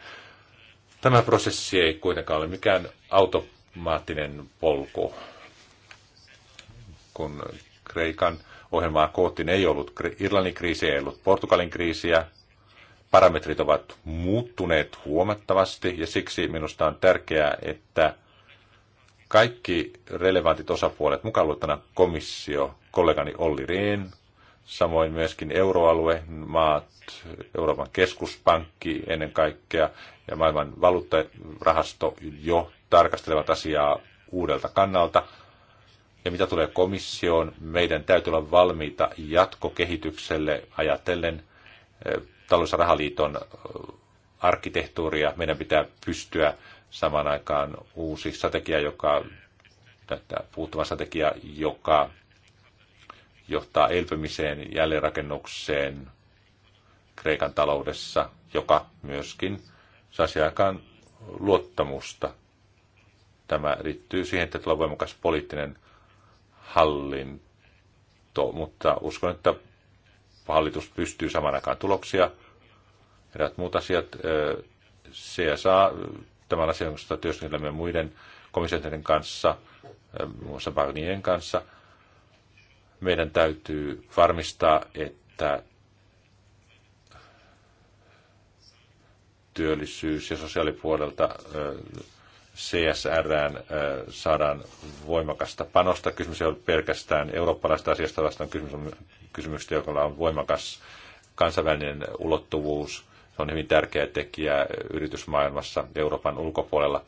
C: Tämä prosessi ei kuitenkaan ole mikään automaattinen polku. Kun Kreikan ohjelmaa koottiin, ei ollut Irlannin kriisiä, ei ollut Portugalin kriisiä. Parametrit ovat muuttuneet huomattavasti ja siksi minusta on tärkeää, että kaikki relevantit osapuolet, mukaan luettuna komissio, kollegani Olli Rehn, samoin myöskin euroalue, maat, Euroopan keskuspankki ennen kaikkea ja maailman valuuttarahasto jo tarkastelevat asiaa uudelta kannalta. Ja mitä tulee komissioon, meidän täytyy olla valmiita jatkokehitykselle ajatellen eh, talous- ja rahaliiton eh, arkkitehtuuria. Meidän pitää pystyä samaan aikaan uusi strategia, joka, puuttuva strategia, joka johtaa elpymiseen, jälleenrakennukseen Kreikan taloudessa, joka myöskin saisi aikaan luottamusta. Tämä liittyy siihen, että tulee voimakas poliittinen hallinto, mutta uskon, että hallitus pystyy saman aikaan tuloksia. Eräät muut asiat, saa tämän asian kanssa työskentelemme muiden komissioiden kanssa, muun muassa Barnien kanssa – meidän täytyy varmistaa, että työllisyys- ja sosiaalipuolelta CSRään saadaan voimakasta panosta. Kysymys ei ole pelkästään eurooppalaista asiasta, vastaan kysymys on kysymyksestä, jolla on voimakas kansainvälinen ulottuvuus. Se on hyvin tärkeä tekijä yritysmaailmassa Euroopan ulkopuolella.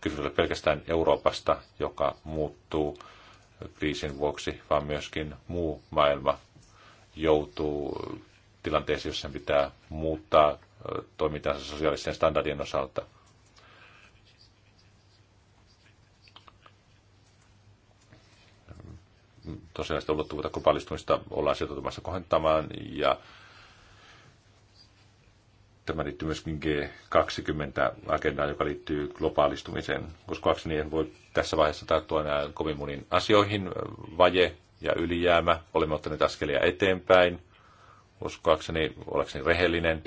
C: Kysymys on pelkästään Euroopasta, joka muuttuu kriisin vuoksi, vaan myöskin muu maailma joutuu tilanteeseen, jossa pitää muuttaa toimintansa sosiaalisten standardien osalta. Tosiaan sitä ulottuvuutta globaalistumista ollaan sitoutumassa kohentamaan ja Tämä liittyy myöskin G20-agendaan, joka liittyy globaalistumiseen, koska 20-niin voi tässä vaiheessa tarttua enää kovin moniin asioihin. Vaje ja ylijäämä, olemme ottaneet askelia eteenpäin, uskoakseni, niin olekseni rehellinen.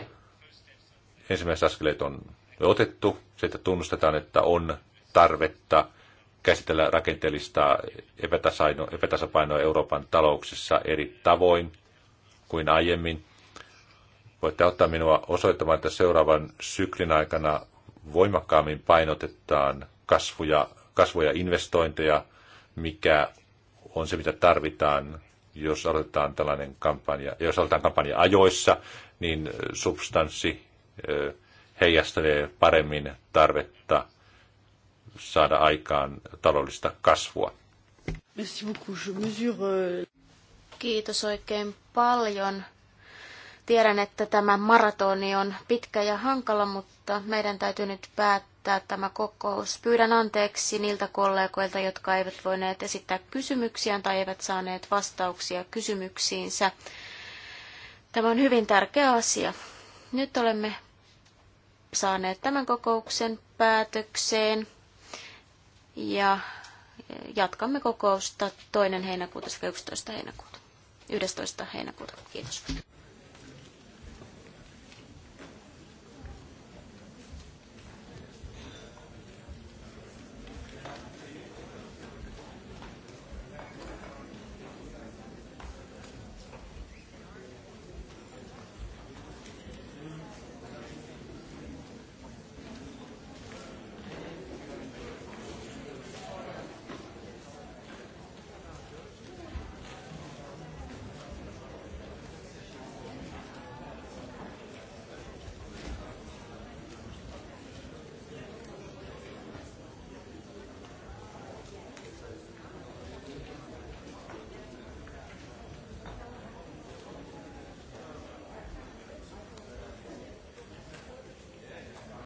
C: Ensimmäiset askeleet on otettu, se, että tunnustetaan, että on tarvetta käsitellä rakenteellista epätasapainoa Euroopan talouksissa eri tavoin kuin aiemmin. Voitte ottaa minua osoittamaan, että seuraavan syklin aikana voimakkaammin painotetaan kasvuja, kasvuja investointeja, mikä on se, mitä tarvitaan, jos aloitetaan tällainen kampanja. Jos aloitetaan kampanja ajoissa, niin substanssi heijastelee paremmin tarvetta saada aikaan taloudellista kasvua.
A: Kiitos oikein paljon. Tiedän, että tämä maratoni on pitkä ja hankala, mutta meidän täytyy nyt päättää tämä kokous. Pyydän anteeksi niiltä kollegoilta, jotka eivät voineet esittää kysymyksiä tai eivät saaneet vastauksia kysymyksiinsä. Tämä on hyvin tärkeä asia. Nyt olemme saaneet tämän kokouksen päätökseen ja jatkamme kokousta toinen heinäkuuta, 11. heinäkuuta, 11. heinäkuuta. Kiitos.